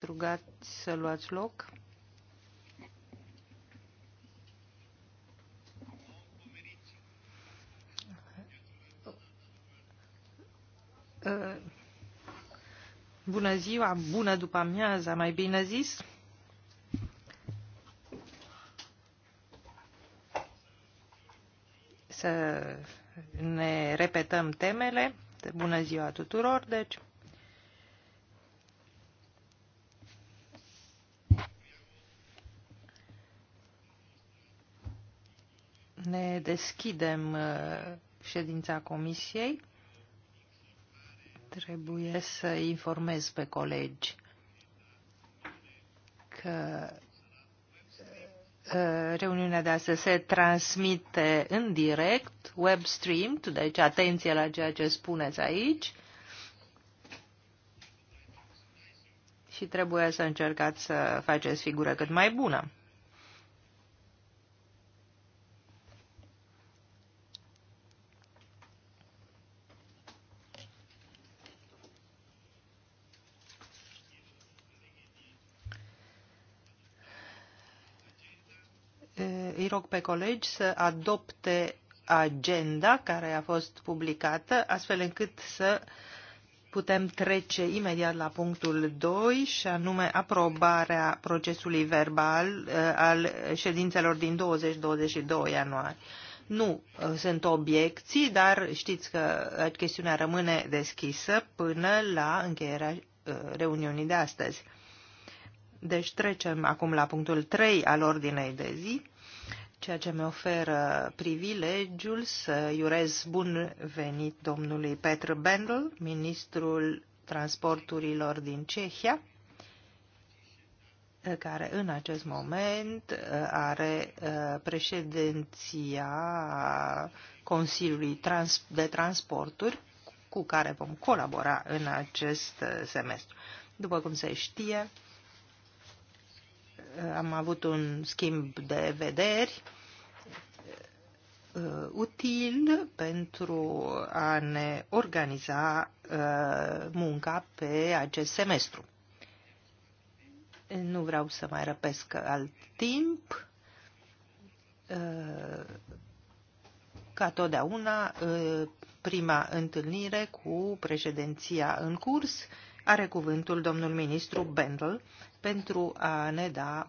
rugați să luați loc. Uh, bună ziua, bună după amiaza, mai bine zis. Să ne repetăm temele. Bună ziua tuturor, deci. ne deschidem uh, ședința comisiei. Trebuie să informez pe colegi că uh, reuniunea de astăzi se transmite în direct, web streamed, deci atenție la ceea ce spuneți aici. Și trebuie să încercați să faceți figură cât mai bună. rog pe colegi să adopte agenda care a fost publicată, astfel încât să putem trece imediat la punctul 2 și anume aprobarea procesului verbal uh, al ședințelor din 20-22 ianuarie. Nu uh, sunt obiecții, dar știți că chestiunea rămâne deschisă până la încheierea uh, reuniunii de astăzi. Deci trecem acum la punctul 3 al ordinei de zi ceea ce mi oferă privilegiul să iurez bun venit domnului Petr Bendel, ministrul transporturilor din Cehia, care în acest moment uh, are uh, președinția Consiliului de Transporturi, cu care vom colabora în acest uh, semestru. După cum se știe, am avut un schimb de vederi uh, util pentru a ne organiza uh, munca pe acest semestru. Nu vreau să mai răpesc alt timp. Uh, ca totdeauna, uh, prima întâlnire cu președinția în curs are cuvântul domnul ministru Bendel pentru a ne da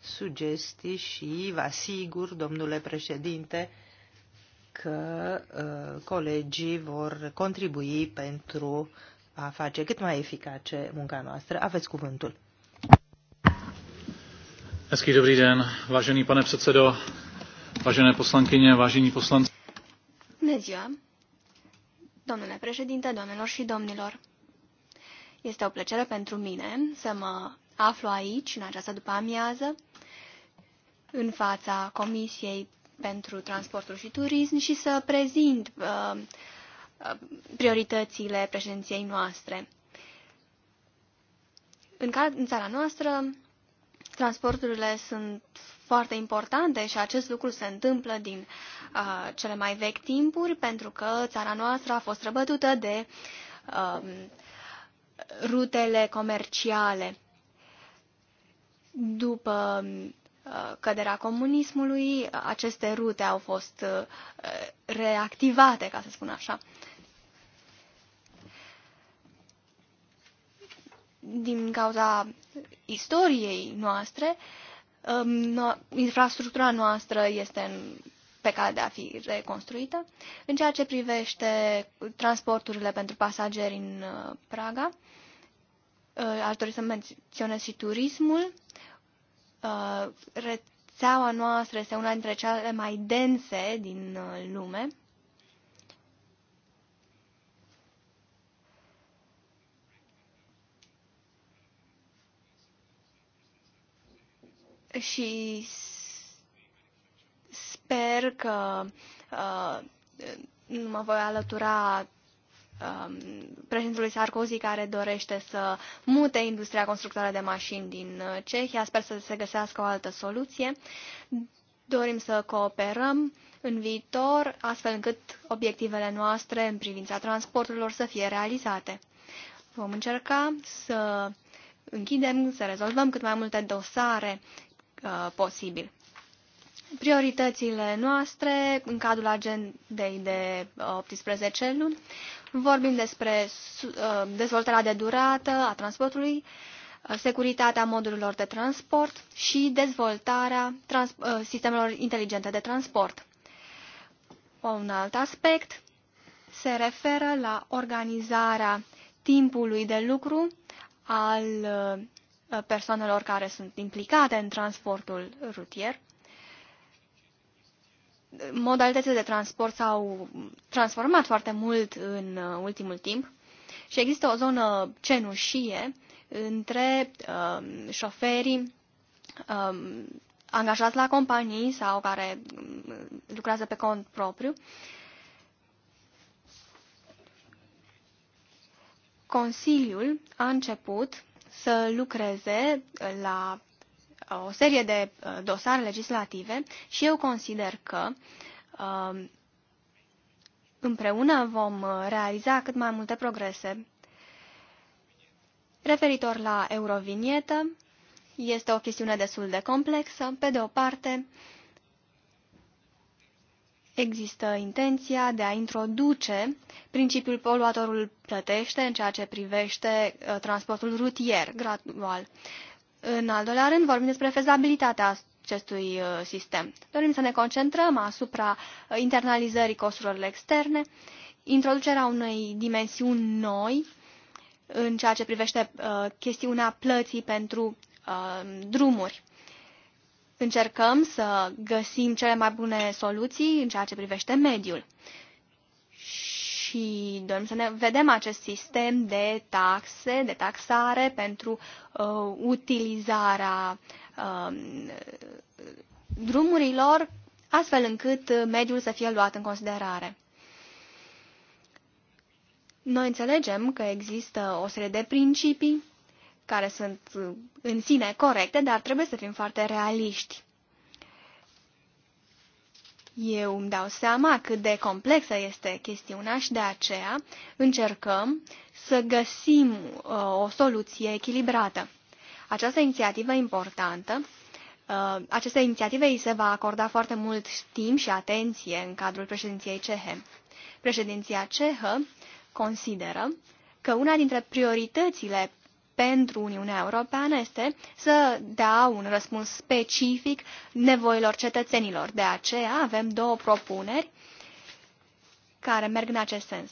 sugestii și vă asigur, domnule președinte, că uh, colegii vor contribui pentru a face cât mai eficace munca noastră. Aveți cuvântul. Hezký dobrý den, vážený pane předsedo, vážené poslankyně, vážení poslanci. Bună domnule președinte, domnilor și domnilor. Este o plăcere pentru mine să mă aflu aici, în această după-amiază, în fața Comisiei pentru Transportul și Turism și să prezint uh, uh, prioritățile președinției noastre. În, ca, în țara noastră, transporturile sunt foarte importante și acest lucru se întâmplă din uh, cele mai vechi timpuri, pentru că țara noastră a fost răbătută de uh, rutele comerciale. După uh, căderea comunismului, aceste rute au fost uh, reactivate, ca să spun așa. Din cauza istoriei noastre, um, infrastructura noastră este în pe cale de a fi reconstruită. În ceea ce privește transporturile pentru pasageri în uh, Praga, aș dori să menționez și turismul. Uh, rețeaua noastră este una dintre cele mai dense din uh, lume. Și sper că uh, mă voi alătura Um, președintelui Sarkozy care dorește să mute industria constructoare de mașini din uh, Cehia. Sper să se găsească o altă soluție. Dorim să cooperăm în viitor, astfel încât obiectivele noastre în privința transporturilor să fie realizate. Vom încerca să închidem, să rezolvăm cât mai multe dosare uh, posibil. Prioritățile noastre în cadrul agendei de 18 uh, luni Vorbim despre uh, dezvoltarea de durată a transportului, uh, securitatea modurilor de transport și dezvoltarea trans uh, sistemelor inteligente de transport. Un alt aspect se referă la organizarea timpului de lucru al persoanelor care sunt implicate în transportul rutier modalitățile de transport s-au transformat foarte mult în uh, ultimul timp și există o zonă cenușie între uh, șoferii uh, angajați la companii sau care uh, lucrează pe cont propriu. Consiliul a început să lucreze la o serie de uh, dosare legislative și eu consider că um, împreună vom uh, realiza cât mai multe progrese. Referitor la eurovinietă, este o chestiune destul de complexă. Pe de o parte, există intenția de a introduce principiul poluatorul plătește în ceea ce privește uh, transportul rutier gradual. În al doilea rând, vorbim despre fezabilitatea acestui uh, sistem. Dorim să ne concentrăm asupra uh, internalizării costurilor externe, introducerea unei dimensiuni noi în ceea ce privește uh, chestiunea plății pentru uh, drumuri. Încercăm să găsim cele mai bune soluții în ceea ce privește mediul și dorim să ne vedem acest sistem de taxe, de taxare pentru uh, utilizarea uh, drumurilor, astfel încât mediul să fie luat în considerare. Noi înțelegem că există o serie de principii care sunt uh, în sine corecte, dar trebuie să fim foarte realiști. Eu îmi dau seama cât de complexă este chestiunea și de aceea încercăm să găsim uh, o soluție echilibrată. Această inițiativă importantă, uh, aceste inițiative îi se va acorda foarte mult timp și atenție în cadrul președinției cehe. Președinția cehă consideră că una dintre prioritățile pentru Uniunea Europeană este să dea un răspuns specific nevoilor cetățenilor. De aceea avem două propuneri care merg în acest sens.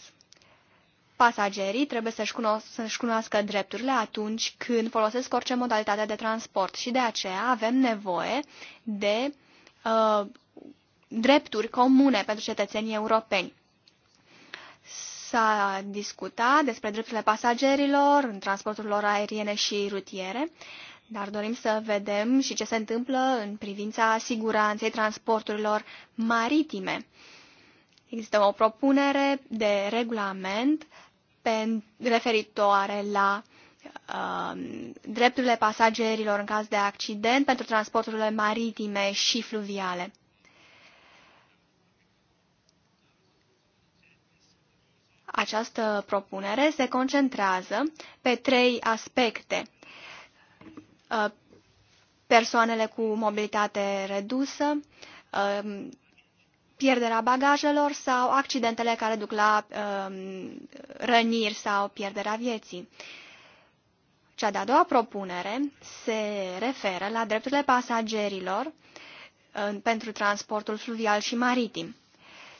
Pasagerii trebuie să-și cunoască, să cunoască drepturile atunci când folosesc orice modalitate de transport și de aceea avem nevoie de uh, drepturi comune pentru cetățenii europeni s-a discutat despre drepturile pasagerilor în transportul lor aeriene și rutiere, dar dorim să vedem și ce se întâmplă în privința siguranței transporturilor maritime. Există o propunere de regulament pe, referitoare la uh, drepturile pasagerilor în caz de accident pentru transporturile maritime și fluviale. Această propunere se concentrează pe trei aspecte. Uh, persoanele cu mobilitate redusă, um, pierderea bagajelor sau accidentele care duc la um, răniri sau pierderea vieții. Cea de-a doua propunere se referă la drepturile pasagerilor uh, pentru transportul fluvial și maritim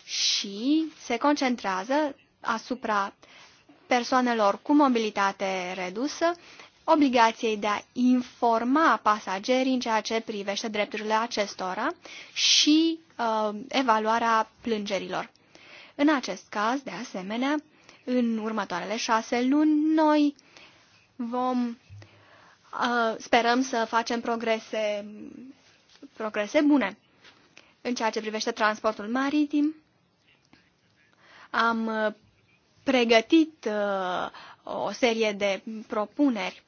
și se concentrează asupra persoanelor cu mobilitate redusă obligației de a informa pasagerii în ceea ce privește drepturile acestora și uh, evaluarea plângerilor. În acest caz, de asemenea, în următoarele șase luni, noi vom uh, sperăm să facem progrese, progrese bune. În ceea ce privește transportul maritim, am uh, pregătit uh, o serie de propuneri.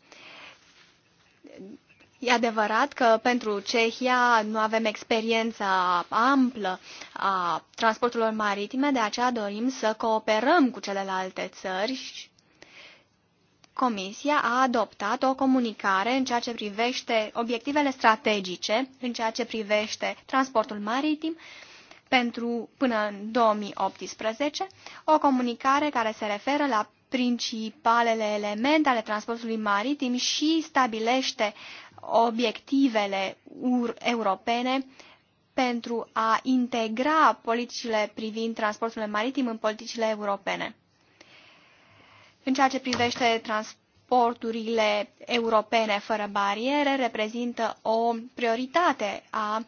E adevărat că pentru Cehia nu avem experiența amplă a transporturilor maritime, de aceea dorim să cooperăm cu celelalte țări. Comisia a adoptat o comunicare în ceea ce privește obiectivele strategice, în ceea ce privește transportul maritim pentru până în 2018, o comunicare care se referă la principalele elemente ale transportului maritim și stabilește obiectivele europene pentru a integra politicile privind transportul maritim în politicile europene. În ceea ce privește transporturile europene fără bariere, reprezintă o prioritate a uh,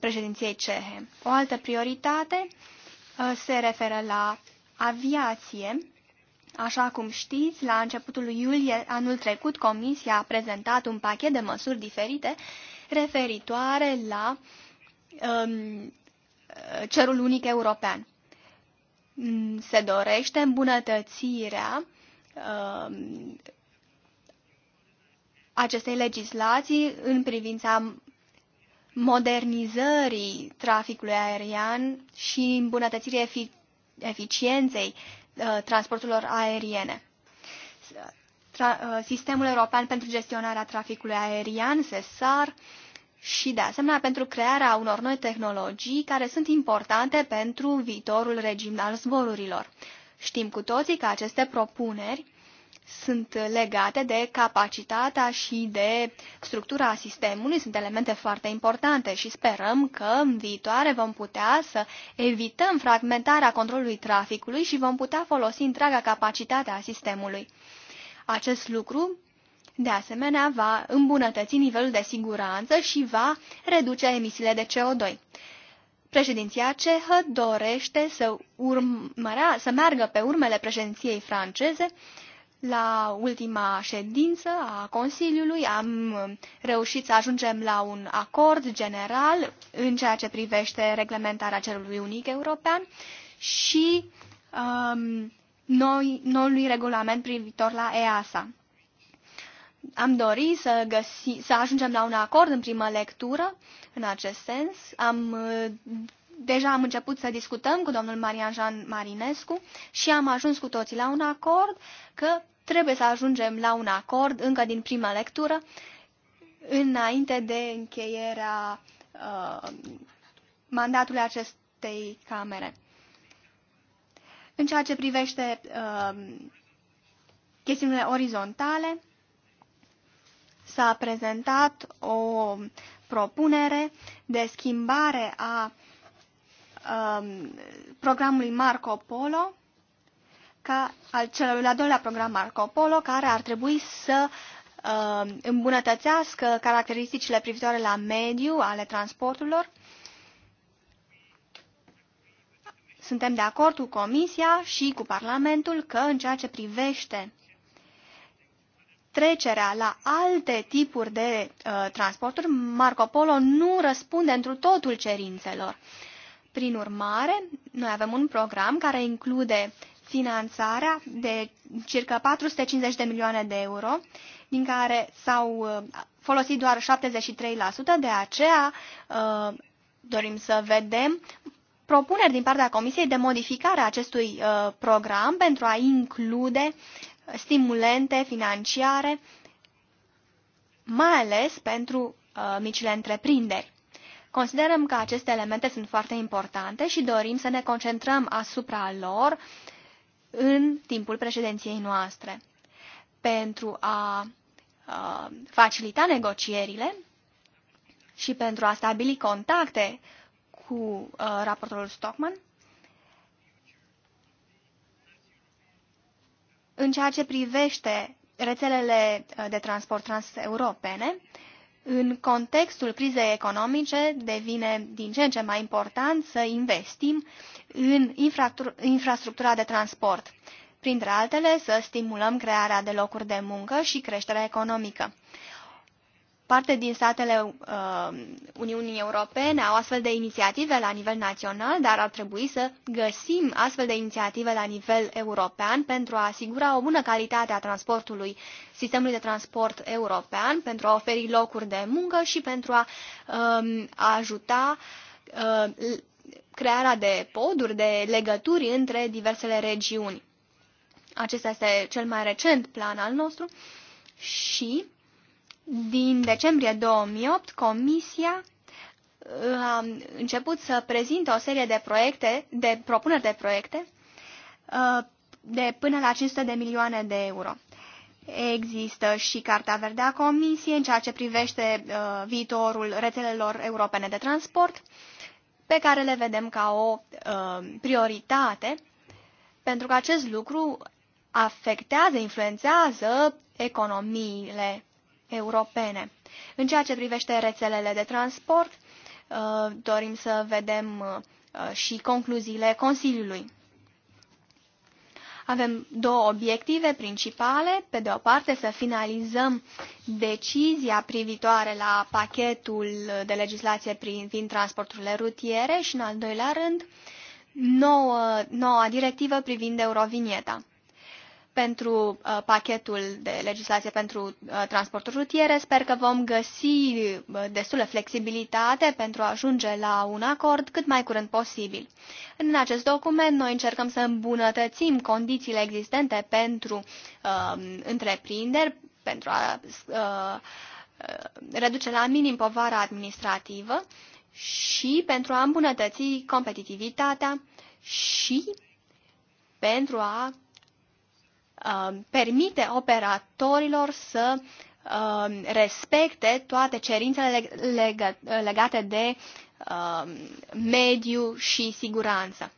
președinției cehe. O altă prioritate uh, se referă la aviație. Așa cum știți, la începutul iulie anul trecut, Comisia a prezentat un pachet de măsuri diferite referitoare la um, cerul unic european. Mm, se dorește îmbunătățirea um, acestei legislații în privința modernizării traficului aerian și îmbunătățirii efic- eficienței uh, transporturilor aeriene. Tra- uh, Sistemul European pentru gestionarea traficului aerian, SESAR, și de asemenea pentru crearea unor noi tehnologii care sunt importante pentru viitorul regim al zborurilor. Știm cu toții că aceste propuneri sunt legate de capacitatea și de structura sistemului, sunt elemente foarte importante și sperăm că în viitoare vom putea să evităm fragmentarea controlului traficului și vom putea folosi întreaga capacitate a sistemului. Acest lucru, de asemenea, va îmbunătăți nivelul de siguranță și va reduce emisiile de CO2. Președinția cehă dorește să, urmărea, să meargă pe urmele președinției franceze, la ultima ședință a Consiliului am um, reușit să ajungem la un acord general în ceea ce privește reglementarea cerului unic european și um, noi, noului regulament privitor la EASA. Am dorit să, găsi, să ajungem la un acord în primă lectură în acest sens. Am uh, deja am început să discutăm cu domnul Marian Jean Marinescu și am ajuns cu toții la un acord că trebuie să ajungem la un acord încă din prima lectură înainte de încheierea uh, mandatului acestei camere. În ceea ce privește uh, chestiunile orizontale, s-a prezentat o propunere de schimbare a uh, Um, programului Marco Polo, ca al celui al doilea program Marco Polo, care ar trebui să uh, îmbunătățească caracteristicile privitoare la mediu ale transporturilor. Suntem de acord cu Comisia și cu Parlamentul că în ceea ce privește trecerea la alte tipuri de uh, transporturi, Marco Polo nu răspunde întru totul cerințelor. Uh, prin urmare, noi avem un program care include finanțarea de circa 450 de milioane de euro, din care s-au uh, folosit doar 73%, de aceea uh, dorim să vedem propuneri din partea Comisiei de modificare a acestui uh, program pentru a include stimulente financiare, mai ales pentru micile întreprinderi. Considerăm că aceste elemente sunt foarte importante și dorim să ne concentrăm asupra lor în timpul președinției noastre. Pentru a, facilita negocierile și pentru a stabili contacte cu raportorul Stockman, în ceea ce privește rețelele de transport transeuropene, în contextul crizei economice devine din ce în ce mai important să investim în infrastructura de transport, printre altele să stimulăm crearea de locuri de muncă și creșterea economică parte din statele uh, Uniunii Europene au astfel de inițiative la nivel național, dar ar trebui să găsim astfel de inițiative la nivel european pentru a asigura o bună calitate a transportului, sistemului de transport european, pentru a oferi locuri de muncă și pentru a, uh, ajuta uh, crearea de poduri, de legături între diversele regiuni. Acesta este cel mai recent plan al nostru și din decembrie 2008, Comisia a început să prezinte o serie de proiecte, de propuneri de proiecte, uh, de până la 500 de milioane de euro. Există și Carta Verde a Comisiei în ceea ce privește uh, viitorul rețelelor europene de transport, pe care le vedem ca o uh, prioritate, pentru că acest lucru afectează, influențează economiile europene. În ceea ce privește rețelele de transport, uh, dorim să vedem uh, și concluziile Consiliului. Avem două obiective principale. Pe de o parte, să finalizăm decizia privitoare la pachetul de legislație privind transporturile rutiere și, în al doilea rând, noua directivă privind Eurovinieta pentru uh, pachetul de legislație pentru uh, transportul rutier. Sper că vom găsi uh, destulă flexibilitate pentru a ajunge la un acord cât mai curând posibil. În acest document noi încercăm să îmbunătățim condițiile existente pentru uh, întreprinderi, pentru a uh, reduce la minim povara administrativă și pentru a îmbunătăți competitivitatea și pentru a Um, permite operatorilor să um, respecte toate cerințele legate de um, mediu și siguranță.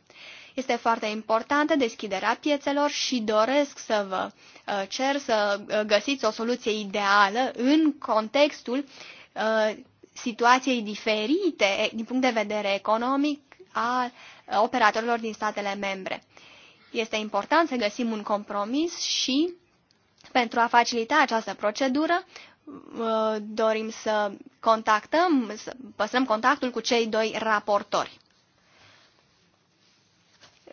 Este foarte importantă deschiderea piețelor și doresc să vă uh, cer să uh, găsiți o soluție ideală în contextul uh, situației diferite din punct de vedere economic a operatorilor din statele membre. Este important să găsim un compromis și, pentru a facilita această procedură, uh, dorim să contactăm, să păstrăm contactul cu cei doi raportori.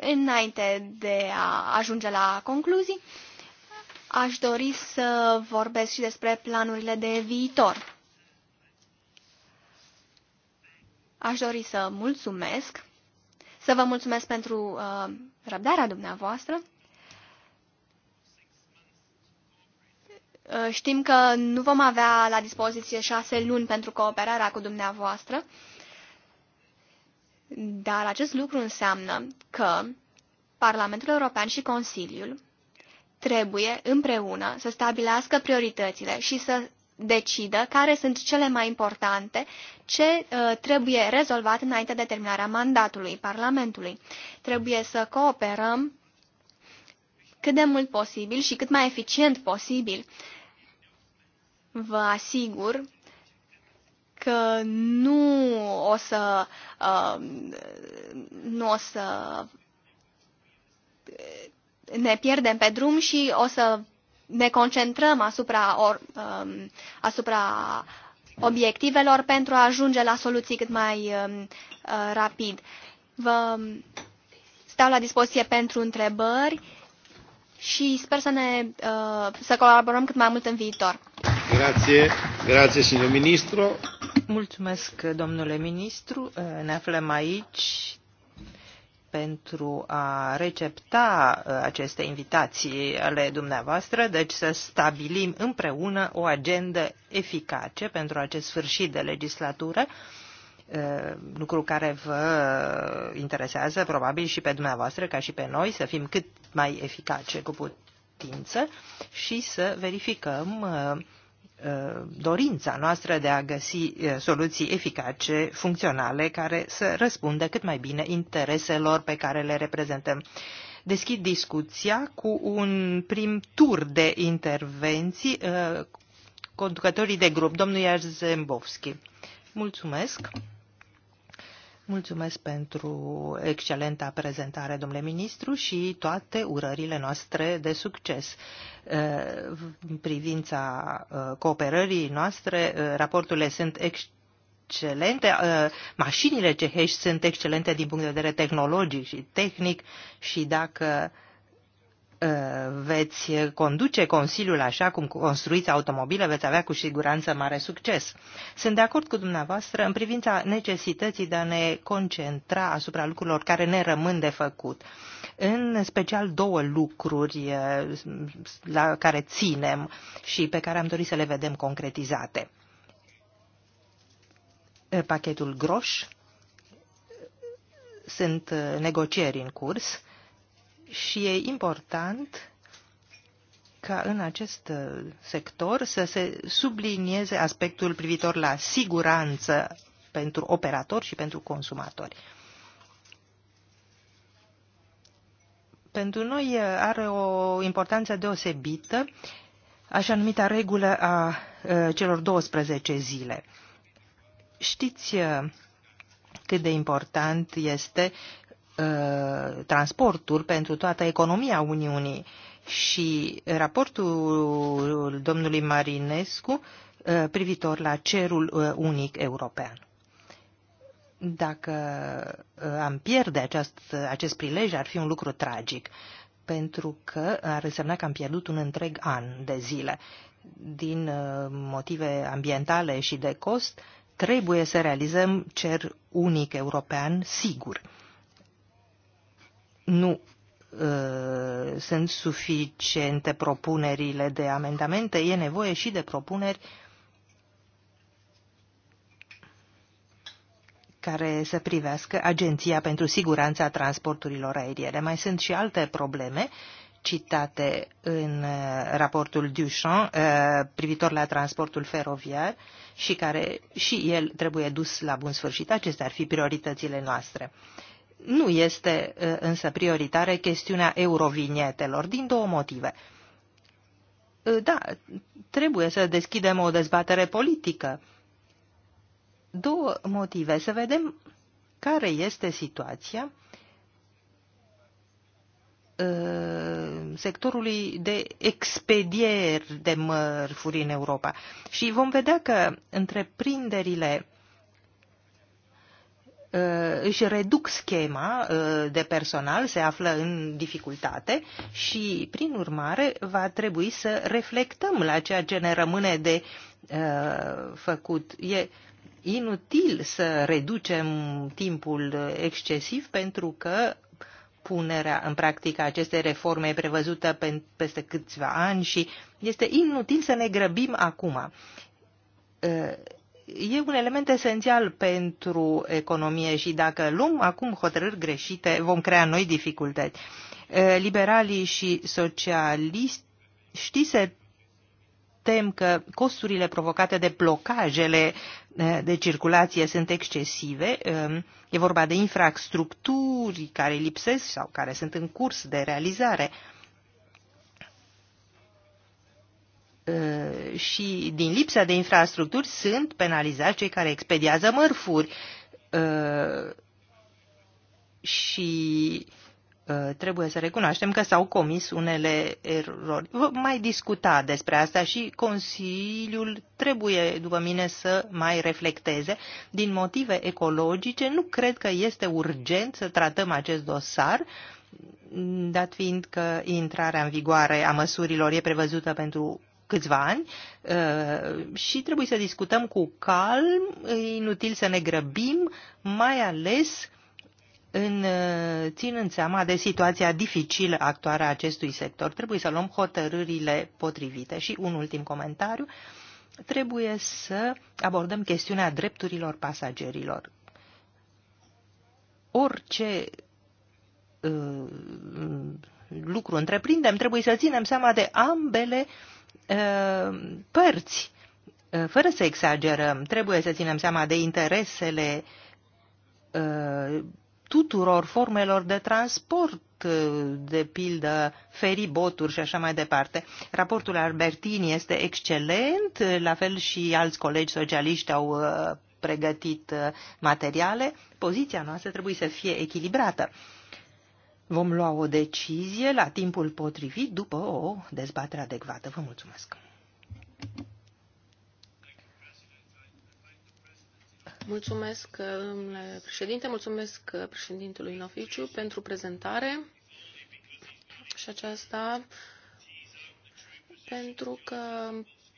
Înainte de a ajunge la concluzii, aș dori să vorbesc și despre planurile de viitor. Aș dori să mulțumesc să vă mulțumesc pentru uh, răbdarea dumneavoastră. Uh, știm că nu vom avea la dispoziție șase luni pentru cooperarea cu dumneavoastră, dar acest lucru înseamnă că Parlamentul European și Consiliul trebuie împreună să stabilească prioritățile și să decidă care sunt cele mai importante, ce uh, trebuie rezolvat înainte de terminarea mandatului Parlamentului. Trebuie să cooperăm cât de mult posibil și cât mai eficient posibil. Vă asigur că nu o să uh, nu o să ne pierdem pe drum și o să ne concentrăm asupra, or, um, asupra obiectivelor pentru a ajunge la soluții cât mai um, uh, rapid. Vă stau la dispoziție pentru întrebări și sper să, ne, uh, să colaborăm cât mai mult în viitor. Grazie, grazie, signor ministru. Mulțumesc, domnule ministru. Uh, ne aflăm aici pentru a recepta uh, aceste invitații ale dumneavoastră, deci să stabilim împreună o agendă eficace pentru acest sfârșit de legislatură, uh, lucru care vă interesează probabil și pe dumneavoastră ca și pe noi, să fim cât mai eficace cu putință și să verificăm uh, Uh, dorința noastră de a găsi uh, soluții eficace, funcționale, care să răspundă cât mai bine intereselor pe care le reprezentăm. Deschid discuția cu un prim tur de intervenții uh, conducătorii de grup, domnul Zembovski. Mulțumesc! Mulțumesc pentru excelenta prezentare, domnule ministru, și toate urările noastre de succes. În privința uh, cooperării noastre, uh, raporturile sunt excelente excelente, uh, mașinile cehești sunt excelente din punct de vedere tehnologic și tehnic și dacă Uh, veți conduce Consiliul așa cum construiți automobile, veți avea cu siguranță mare succes. Sunt de acord cu dumneavoastră în privința necesității de a ne concentra asupra lucrurilor care ne rămân de făcut. În special două lucruri uh, la care ținem și pe care am dorit să le vedem concretizate. Uh, pachetul groș. Sunt negocieri în curs și e important ca în acest uh, sector să se sublinieze aspectul privitor la siguranță pentru operatori și pentru consumatori. Pentru noi uh, are o importanță deosebită așa numita regulă a uh, celor 12 zile. Știți cât de important este Uh, transporturi pentru toată economia Uniunii și raportul domnului Marinescu uh, privitor la cerul uh, unic european. Dacă am pierde acest, acest prilej, ar fi un lucru tragic, pentru că ar însemna că am pierdut un întreg an de zile. Din motive ambientale și de cost, trebuie să realizăm cer unic european sigur nu uh, sunt suficiente propunerile de amendamente, e nevoie și de propuneri care să privească Agenția pentru Siguranța Transporturilor Aeriene. Mai sunt și alte probleme citate în uh, raportul Duchamp uh, privitor la transportul feroviar și care și el trebuie dus la bun sfârșit. Acestea ar fi prioritățile noastre nu este uh, însă prioritară chestiunea eurovinietelor, din două motive. Uh, da, trebuie să deschidem o dezbatere politică. Două motive. Să vedem care este situația uh, sectorului de expedieri de mărfuri în Europa. Și vom vedea că întreprinderile Uh, își reduc schema uh, de personal, se află în dificultate și, prin urmare, va trebui să reflectăm la ceea ce ne rămâne de uh, făcut. E inutil să reducem timpul excesiv pentru că punerea în practică acestei reforme e prevăzută peste câțiva ani și este inutil să ne grăbim acum e un element esențial pentru economie și dacă luăm acum hotărâri greșite, vom crea noi dificultăți. Liberalii și socialiști știi se tem că costurile provocate de blocajele de circulație sunt excesive. E vorba de infrastructuri care lipsesc sau care sunt în curs de realizare. Uh, și din lipsa de infrastructuri sunt penalizați cei care expediază mărfuri uh, și uh, trebuie să recunoaștem că s-au comis unele erori. Vom mai discuta despre asta și Consiliul trebuie, după mine, să mai reflecteze. Din motive ecologice, nu cred că este urgent să tratăm acest dosar, dat fiind că intrarea în vigoare a măsurilor e prevăzută pentru câțiva ani uh, și trebuie să discutăm cu calm, e inutil să ne grăbim, mai ales în, uh, ținând seama de situația dificilă actuală a acestui sector. Trebuie să luăm hotărârile potrivite. Și un ultim comentariu, trebuie să abordăm chestiunea drepturilor pasagerilor. Orice uh, lucru întreprindem, trebuie să ținem seama de ambele uh, Uh, părți. Uh, fără să exagerăm, trebuie să ținem seama de interesele uh, tuturor formelor de transport, de pildă feriboturi și așa mai departe. Raportul Albertini este excelent, la fel și alți colegi socialiști au pregătit materiale. Poziția noastră trebuie să fie echilibrată. Vom lua o decizie la timpul potrivit după o dezbatere adecvată. Vă mulțumesc! Mulțumesc, domnule președinte, mulțumesc președintelui în oficiu pentru prezentare și aceasta pentru că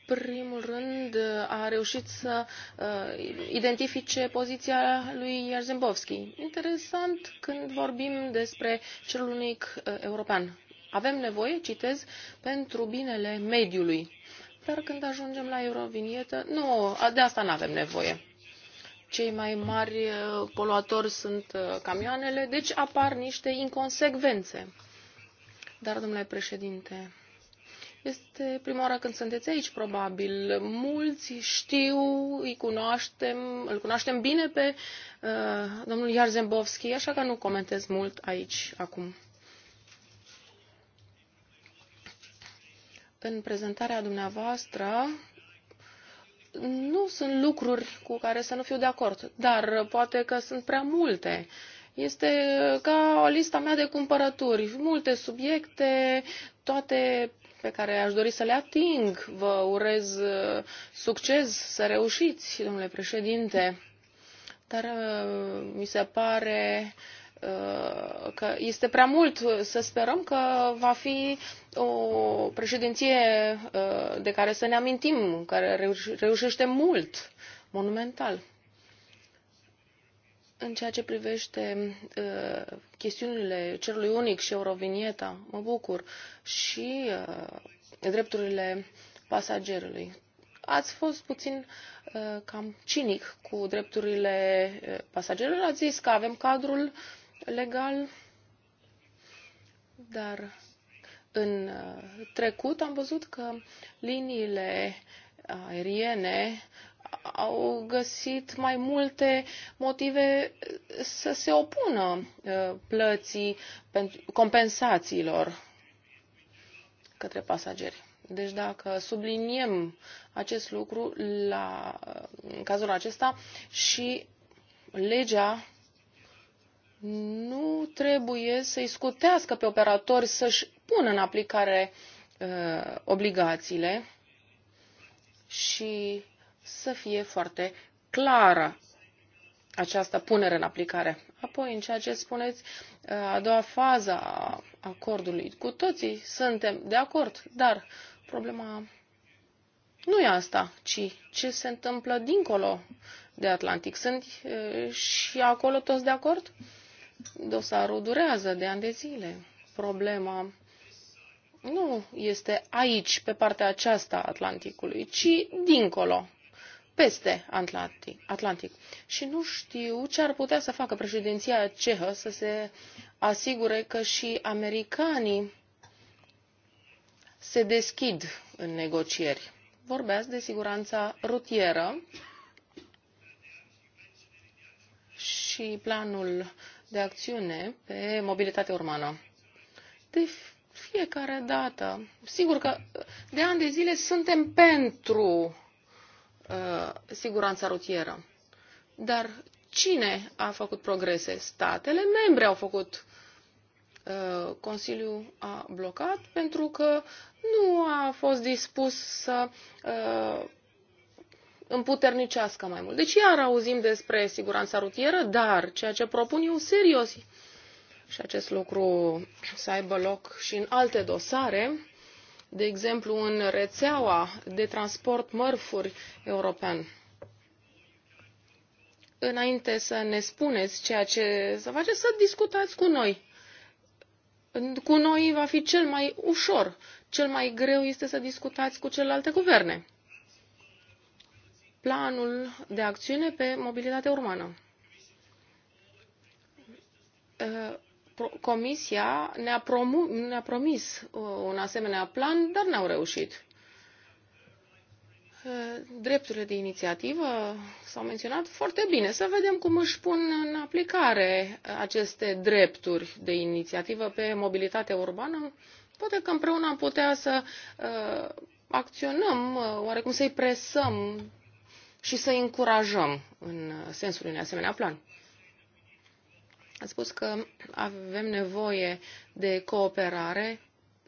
primul rând, a reușit să uh, identifice poziția lui Jarzembowski. Interesant când vorbim despre cel unic uh, european. Avem nevoie, citez, pentru binele mediului. Dar când ajungem la eurovinietă, nu, de asta nu avem nevoie. Cei mai mari uh, poluatori sunt uh, camioanele, deci apar niște inconsecvențe. Dar, domnule președinte, este prima oară când sunteți aici, probabil. Mulți știu, îi cunoaștem, îl cunoaștem bine pe uh, domnul Zembovski, așa că nu comentez mult aici acum. În prezentarea dumneavoastră nu sunt lucruri cu care să nu fiu de acord, dar poate că sunt prea multe. Este ca o lista mea de cumpărături, multe subiecte, toate pe care aș dori să le ating. Vă urez uh, succes, să reușiți, domnule președinte. Dar uh, mi se pare uh, că este prea mult să sperăm că va fi o președinție de care să ne amintim, care reușește mult, monumental. În ceea ce privește uh, chestiunile cerului unic și Eurovinieta, mă bucur, și uh, drepturile pasagerului. Ați fost puțin uh, cam cinic cu drepturile uh, pasagerilor. Ați zis că avem cadrul legal, dar în uh, trecut am văzut că liniile aeriene au găsit mai multe motive să se opună uh, plății compensațiilor către pasageri. Deci dacă subliniem acest lucru la, uh, în cazul acesta și legea nu trebuie să-i scutească pe operatori să-și pună în aplicare uh, obligațiile și să fie foarte clară această punere în aplicare. Apoi, în ceea ce spuneți, a doua fază a acordului, cu toții suntem de acord, dar problema nu e asta, ci ce se întâmplă dincolo de Atlantic. Sunt și acolo toți de acord? Dosarul durează de ani de zile. Problema nu este aici, pe partea aceasta Atlanticului, ci dincolo peste Atlantic. Și nu știu ce ar putea să facă președinția cehă să se asigure că și americanii se deschid în negocieri. Vorbeați de siguranța rutieră și planul de acțiune pe mobilitate urmană. De fiecare dată, sigur că de ani de zile suntem pentru Uh, siguranța rutieră. Dar cine a făcut progrese? Statele membre au făcut. Uh, Consiliul a blocat pentru că nu a fost dispus să uh, împuternicească mai mult. Deci iar auzim despre siguranța rutieră, dar ceea ce propun eu serios și acest lucru să aibă loc și în alte dosare, de exemplu, în rețeaua de transport mărfuri european. Înainte să ne spuneți ceea ce să faceți, să discutați cu noi. Cu noi va fi cel mai ușor. Cel mai greu este să discutați cu celelalte guverne. Planul de acțiune pe mobilitate urbană Comisia ne-a, ne promis uh, un asemenea plan, dar n-au reușit. Uh, drepturile de inițiativă s-au menționat foarte bine. Să vedem cum își pun în aplicare aceste drepturi de inițiativă pe mobilitatea urbană. Poate că împreună am putea să uh, acționăm, uh, oarecum să-i presăm și să-i încurajăm în sensul unui asemenea plan a spus că avem nevoie de cooperare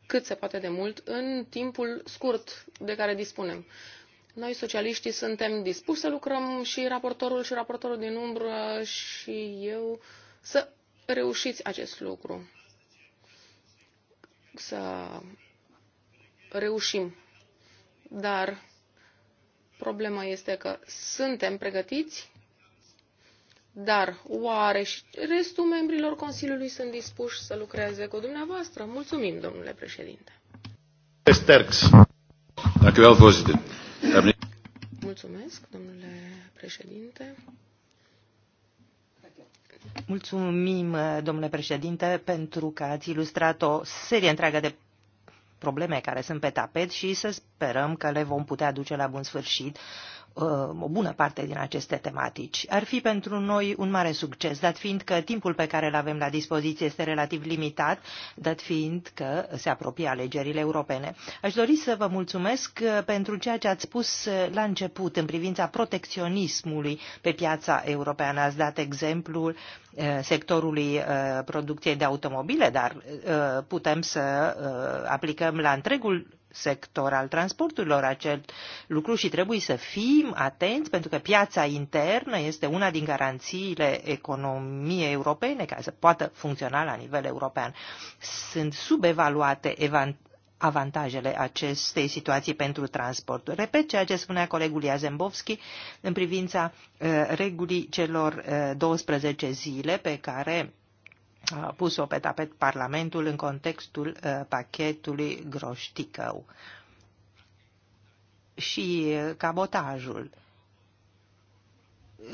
cât se poate de mult în timpul scurt de care dispunem. Noi, socialiștii, suntem dispuși să lucrăm și raportorul și raportorul din umbră și eu să reușiți acest lucru. Să reușim. Dar problema este că suntem pregătiți dar oare și restul membrilor Consiliului sunt dispuși să lucreze cu dumneavoastră? Mulțumim, domnule președinte. Mulțumesc, domnule președinte. Mulțumim, domnule președinte, pentru că ați ilustrat o serie întreagă de probleme care sunt pe tapet și să sperăm că le vom putea duce la bun sfârșit Uh, o bună parte din aceste tematici. Ar fi pentru noi un mare succes, dat fiind că timpul pe care îl avem la dispoziție este relativ limitat, dat fiind că se apropie alegerile europene. Aș dori să vă mulțumesc uh, pentru ceea ce ați spus uh, la început în privința protecționismului pe piața europeană. Ați dat exemplul sectorului producției de automobile, dar putem să aplicăm la întregul sector al transporturilor acel lucru și trebuie să fim atenți pentru că piața internă este una din garanțiile economiei europene ca să poată funcționa la nivel european. Sunt subevaluate avantajele acestei situații pentru transport. Repet ceea ce spunea colegul Iazembovski în privința uh, regulii celor 12 uh, zile pe care a pus-o pe tapet Parlamentul în contextul uh, pachetului Groșticău și uh, cabotajul.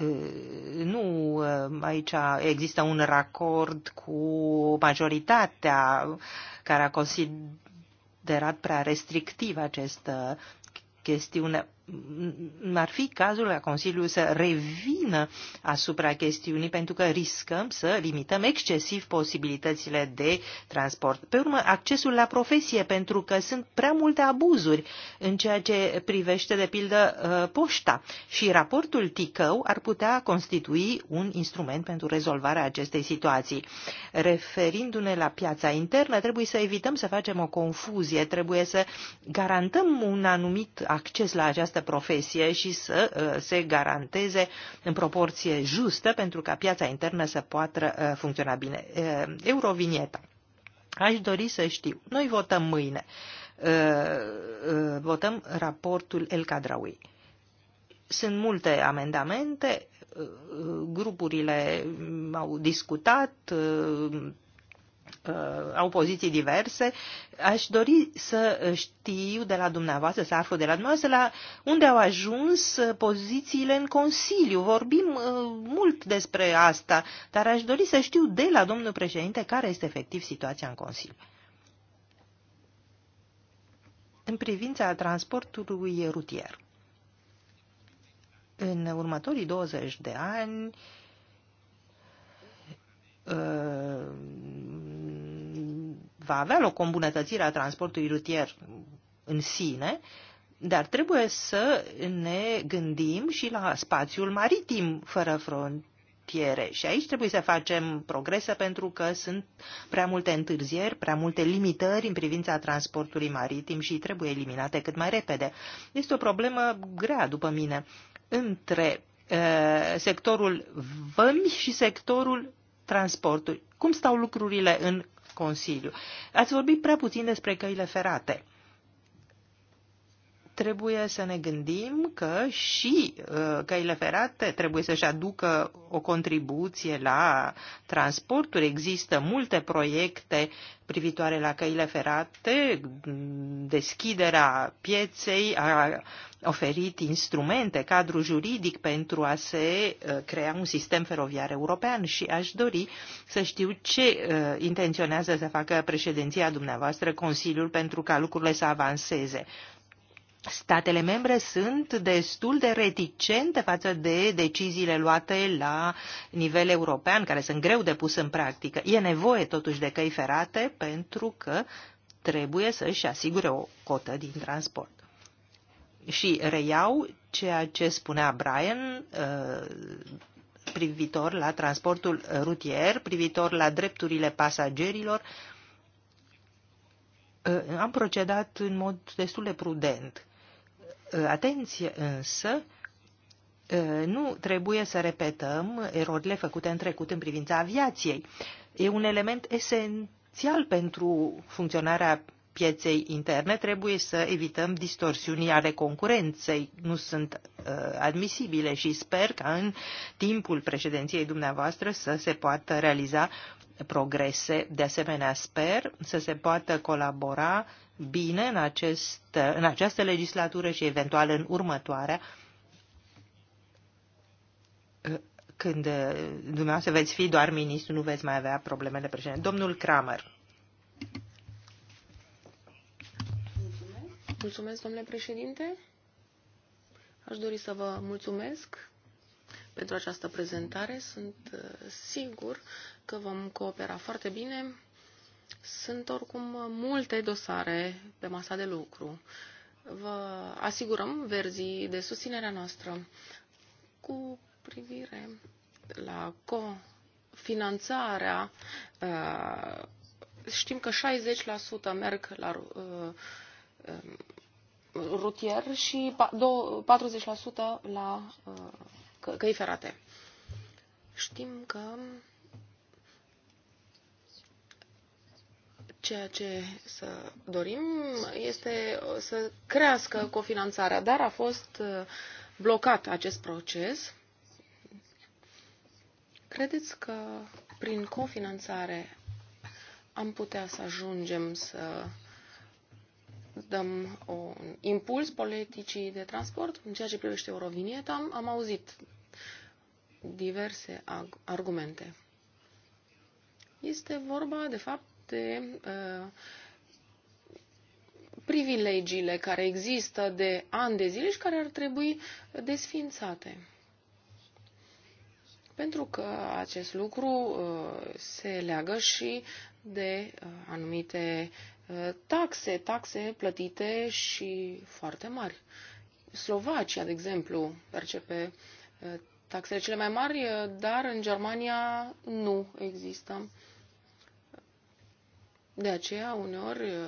Uh, nu, aici există un racord cu majoritatea care a considerat prea restrictiv această chestiune ar fi cazul la Consiliu să revină asupra chestiunii pentru că riscăm să limităm excesiv posibilitățile de transport. Pe urmă, accesul la profesie pentru că sunt prea multe abuzuri în ceea ce privește, de pildă, poșta și raportul TICău ar putea constitui un instrument pentru rezolvarea acestei situații. Referindu-ne la piața internă, trebuie să evităm să facem o confuzie, trebuie să garantăm un anumit acces la această această profesie și să uh, se garanteze în proporție justă pentru ca piața internă să poată uh, funcționa bine. Uh, Eurovinieta. Aș dori să știu. Noi votăm mâine. Votăm raportul El Cadraui. Sunt multe amendamente, grupurile au discutat, Uh, au poziții diverse. Aș dori să știu de la dumneavoastră, să aflu de la dumneavoastră la unde au ajuns pozițiile în Consiliu. Vorbim uh, mult despre asta, dar aș dori să știu de la domnul președinte care este efectiv situația în Consiliu. În privința transportului rutier, în următorii 20 de ani, uh, va avea loc o îmbunătățire a transportului rutier în sine, dar trebuie să ne gândim și la spațiul maritim fără frontiere. Și aici trebuie să facem progrese pentru că sunt prea multe întârzieri, prea multe limitări în privința transportului maritim și trebuie eliminate cât mai repede. Este o problemă grea, după mine, între uh, sectorul vămi și sectorul transportului. Cum stau lucrurile în Consiliu. Ați vorbit prea puțin despre căile ferate trebuie să ne gândim că și uh, căile ferate trebuie să-și aducă o contribuție la transporturi. Există multe proiecte privitoare la căile ferate, deschiderea pieței a oferit instrumente, cadru juridic pentru a se uh, crea un sistem feroviar european și aș dori să știu ce uh, intenționează să facă președinția dumneavoastră Consiliul pentru ca lucrurile să avanseze statele membre sunt destul de reticente față de deciziile luate la nivel european, care sunt greu de pus în practică. E nevoie totuși de căi ferate pentru că trebuie să-și asigure o cotă din transport. Și reiau ceea ce spunea Brian uh, privitor la transportul rutier, privitor la drepturile pasagerilor, uh, am procedat în mod destul de prudent. Uh, atenție însă, uh, nu trebuie să repetăm erorile făcute în trecut în privința aviației. E un element esențial pentru funcționarea pieței interne, trebuie să evităm distorsiunii ale concurenței. Nu sunt uh, admisibile și sper ca în timpul președinției dumneavoastră să se poată realiza progrese. De asemenea, sper să se poată colabora bine în, acest, în această legislatură și eventual în următoarea, când dumneavoastră veți fi doar ministru, nu veți mai avea problemele președinte. Domnul Kramer. Mulțumesc, mulțumesc domnule președinte. Aș dori să vă mulțumesc pentru această prezentare. Sunt uh, sigur că vom coopera foarte bine sunt oricum multe dosare pe masa de lucru. Vă asigurăm verzii de susținerea noastră cu privire la cofinanțarea. Uh, știm că 60% merg la uh, um, rutier și 40% la uh, căi ferate. Știm că Ceea ce să dorim este să crească cofinanțarea, dar a fost uh, blocat acest proces. Credeți că prin cofinanțare am putea să ajungem să dăm un impuls politicii de transport. În ceea ce privește Eurovinieta, am, am auzit diverse argumente. Este vorba, de fapt, toate uh, privilegiile care există de ani de zile și care ar trebui desfințate. Pentru că acest lucru uh, se leagă și de uh, anumite taxe, taxe plătite și foarte mari. Slovacia, de exemplu, percepe taxele cele mai mari, dar în Germania nu există de aceea, uneori, uh,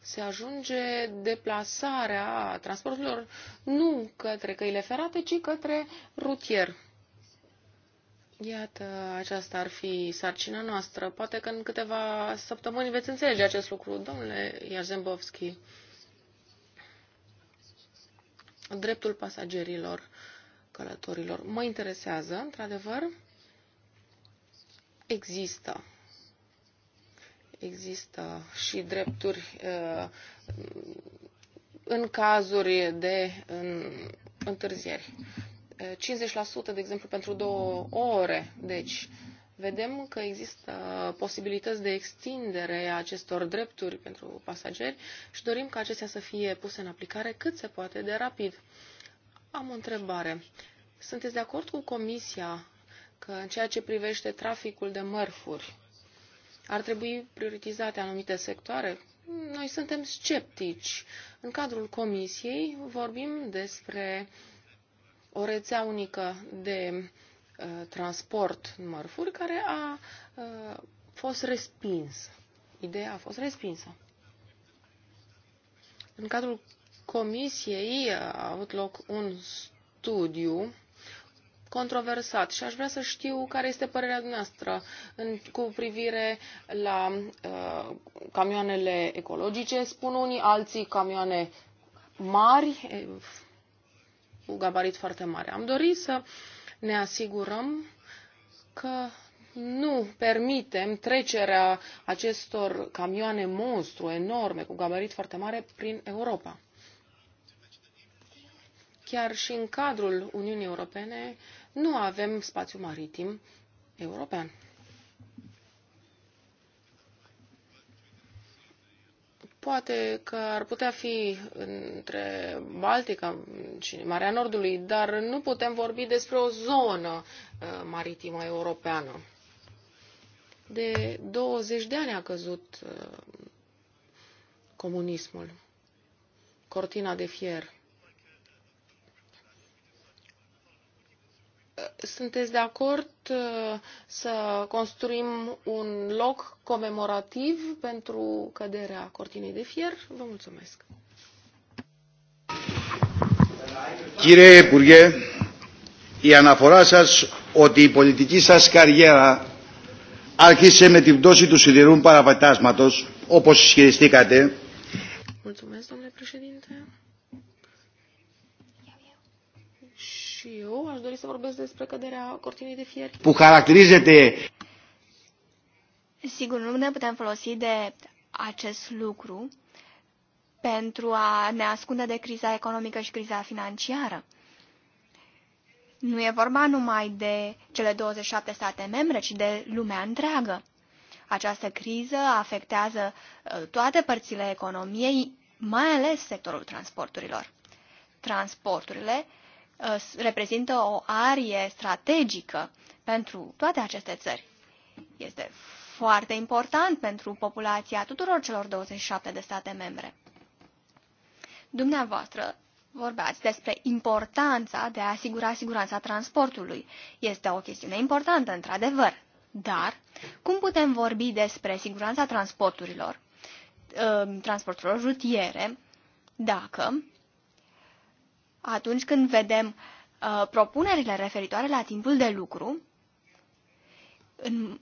se ajunge deplasarea transporturilor nu către căile ferate, ci către rutier. Iată, aceasta ar fi sarcina noastră. Poate că în câteva săptămâni veți înțelege acest lucru, domnule Iarzembovski. Dreptul pasagerilor, călătorilor. Mă interesează, într-adevăr, există Există și drepturi uh, în cazuri de întârzieri. 50%, de exemplu, pentru două ore. Deci, vedem că există posibilități de extindere a acestor drepturi pentru pasageri și dorim ca acestea să fie puse în aplicare cât se poate de rapid. Am o întrebare. Sunteți de acord cu Comisia că în ceea ce privește traficul de mărfuri, ar trebui prioritizate anumite sectoare? Noi suntem sceptici. În cadrul comisiei vorbim despre o rețea unică de uh, transport în mărfuri care a uh, fost respinsă. Ideea a fost respinsă. În cadrul comisiei uh, a avut loc un studiu controversat și aș vrea să știu care este părerea noastră în, cu privire la uh, camioanele ecologice, spun unii, alții camioane mari, cu gabarit foarte mare. Am dorit să ne asigurăm că nu permitem trecerea acestor camioane monstru enorme cu gabarit foarte mare prin Europa. Chiar și în cadrul Uniunii Europene nu avem spațiu maritim european. Poate că ar putea fi între Baltica și Marea Nordului, dar nu putem vorbi despre o zonă uh, maritimă europeană. De 20 de ani a căzut uh, comunismul, cortina de fier. sunteți de acord uh, să construim un loc comemorativ pentru căderea cortinei de fier? Vă mulțumesc. Κύριε Υπουργέ, η αναφορά σας ότι η πολιτική σας καριέρα άρχισε με την πτώση του σιδηρού παραπατάσματος, όπως ισχυριστήκατε. Mulțumesc, domnule președinte. Și eu aș dori să vorbesc despre căderea cortinei de fier. Cu caracterizete... Sigur, nu ne putem folosi de acest lucru pentru a ne ascunde de criza economică și criza financiară. Nu e vorba numai de cele 27 state membre, ci de lumea întreagă. Această criză afectează uh, toate părțile economiei, mai ales sectorul transporturilor. Transporturile Uh, reprezintă o arie strategică pentru toate aceste țări. Este foarte important pentru populația tuturor celor 27 de state membre. Dumneavoastră vorbeați despre importanța de a asigura siguranța transportului. Este o chestiune importantă, într-adevăr. Dar cum putem vorbi despre siguranța transporturilor, uh, transporturilor rutiere, dacă atunci când vedem uh, propunerile referitoare la timpul de lucru, în,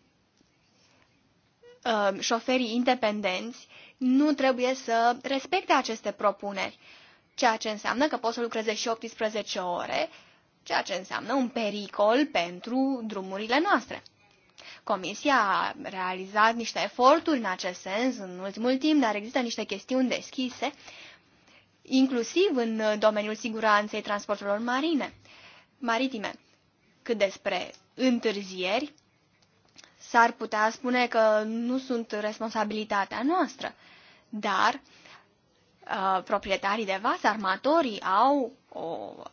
uh, șoferii independenți nu trebuie să respecte aceste propuneri, ceea ce înseamnă că pot să lucreze și 18 ore, ceea ce înseamnă un pericol pentru drumurile noastre. Comisia a realizat niște eforturi în acest sens în ultimul timp, dar există niște chestiuni deschise uh, inclusiv în uh, domeniul siguranței transporturilor marine, maritime. Cât despre întârzieri, s-ar putea spune că nu sunt responsabilitatea noastră, dar uh, proprietarii de vase, armatorii, au o uh,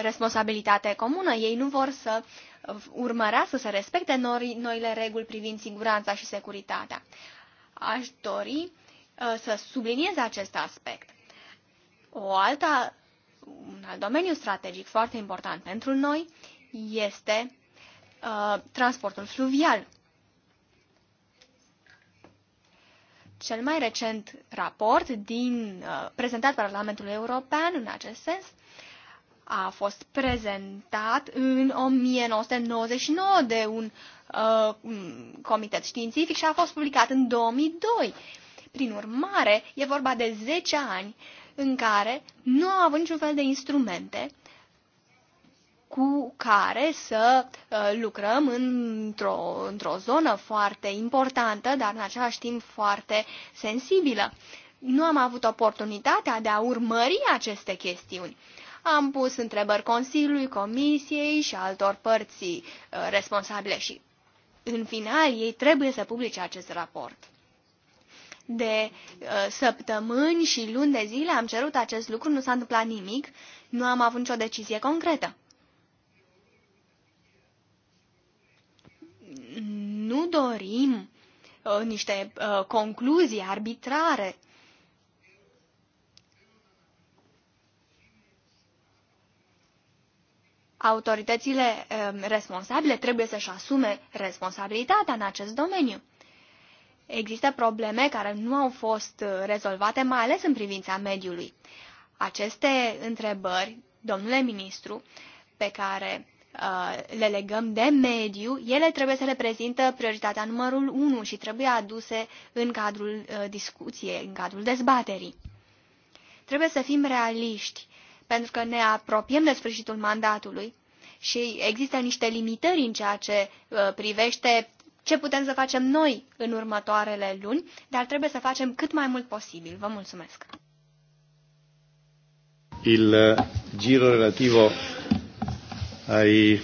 responsabilitate comună. Ei nu vor să uh, urmărească să respecte noi, noile reguli privind siguranța și securitatea. Aș dori uh, să subliniez acest aspect. O alta, un alt domeniu strategic foarte important pentru noi este uh, transportul fluvial. Cel mai recent raport din, uh, prezentat Parlamentului European în acest sens a fost prezentat în 1999 de un uh, comitet științific și a fost publicat în 2002. Prin urmare, e vorba de 10 ani uh, în care nu au avut niciun fel de instrumente cu care să uh, lucrăm într-o, într-o zonă foarte importantă, dar în același timp foarte sensibilă. Nu am avut oportunitatea de a urmări aceste chestiuni. Am pus întrebări Consiliului, Comisiei și altor părți uh, responsabile și, în final, ei trebuie să publice acest raport de uh, săptămâni și luni de zile am cerut acest lucru, nu s-a întâmplat nimic, nu am avut nicio decizie concretă. Nu dorim uh, niște uh, concluzii arbitrare. Autoritățile uh, responsabile trebuie să-și asume responsabilitatea în acest domeniu. Există probleme care nu au fost uh, rezolvate, mai ales în privința mediului. Aceste întrebări, domnule ministru, pe care uh, le legăm de mediu, ele trebuie să reprezintă prioritatea numărul 1 și trebuie aduse în cadrul uh, discuției, în cadrul dezbaterii. Trebuie să fim realiști, pentru că ne apropiem de sfârșitul mandatului și există niște limitări în ceea ce privește ce putem să facem noi în următoarele luni, dar trebuie să facem cât mai mult posibil. Vă mulțumesc! Il uh, giro relativo ai uh,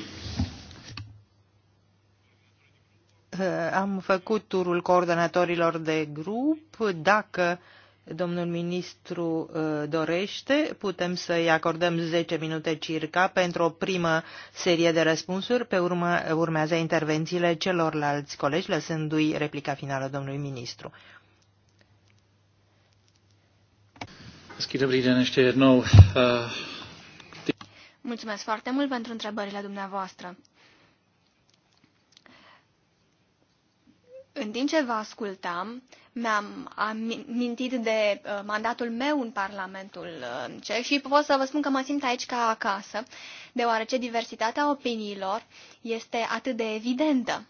am făcut turul coordonatorilor de grup. Dacă domnul ministru uh, dorește, putem să-i acordăm 10 minute circa pentru o primă serie de răspunsuri. Pe urmă urmează intervențiile celorlalți colegi, lăsându-i replica finală domnului ministru. Uh, Mulțumesc foarte mult pentru întrebările dumneavoastră. în timp ce vă ascultam, mi-am amintit de uh, mandatul meu în Parlamentul uh, și pot să vă spun că mă simt aici ca acasă, deoarece diversitatea opiniilor este atât de evidentă.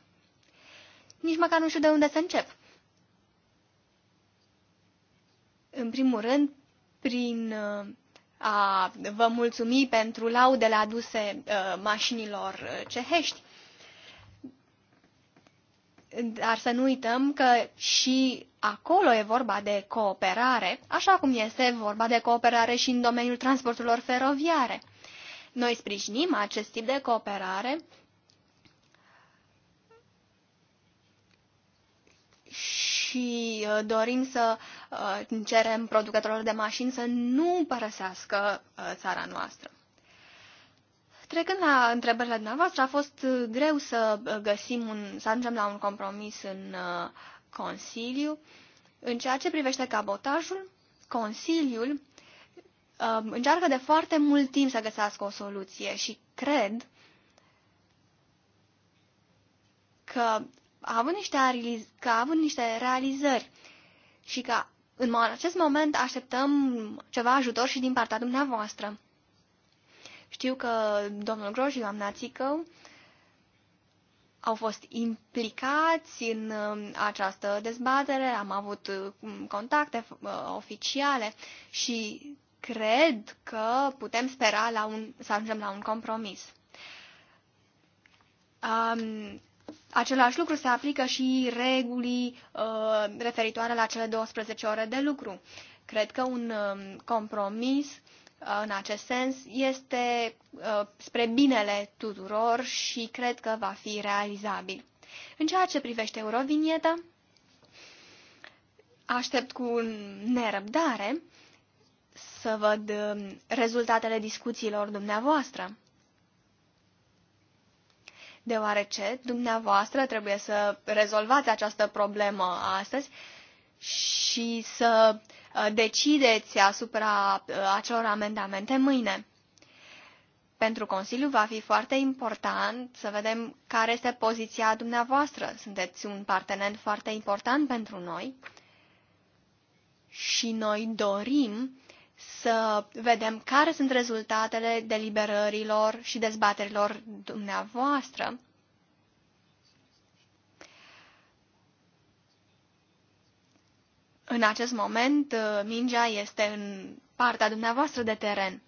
Nici măcar nu știu de unde să încep. În primul rând, prin uh, a vă mulțumi pentru laudele aduse uh, mașinilor cehești dar să nu uităm că și acolo e vorba de cooperare, așa cum este vorba de cooperare și în domeniul transporturilor feroviare. Noi sprijinim acest tip de cooperare și uh, dorim să uh, cerem producătorilor de mașini să nu părăsească uh, țara noastră. Trecând la întrebările dumneavoastră, a fost uh, greu să uh, găsim un, să ajungem la un compromis în uh, Consiliu. În ceea ce privește cabotajul, Consiliul încearcă de foarte mult timp să găsească o soluție și cred că a avut niște, că a avut niște realizări și că în acest moment așteptăm ceva ajutor și din partea dumneavoastră. Știu că domnul Groș și doamna Țică au fost implicați în um, această dezbatere, am avut um, contacte uh, oficiale și cred că putem spera la un, să ajungem la un compromis. Um, același lucru se aplică și regulii uh, referitoare la cele 12 ore de lucru. Cred că un um, compromis în acest sens este uh, spre binele tuturor și cred că va fi realizabil. În ceea ce privește Eurovinieta, aștept cu nerăbdare să văd um, rezultatele discuțiilor dumneavoastră. Deoarece dumneavoastră trebuie să rezolvați această problemă astăzi și să uh, Uh, decideți asupra uh, acelor amendamente mâine. Pentru Consiliu va fi foarte important să vedem care este poziția dumneavoastră. Sunteți un partener foarte important pentru noi și noi dorim să vedem care sunt rezultatele deliberărilor și dezbaterilor dumneavoastră În acest moment, uh, mingea este în partea dumneavoastră de teren.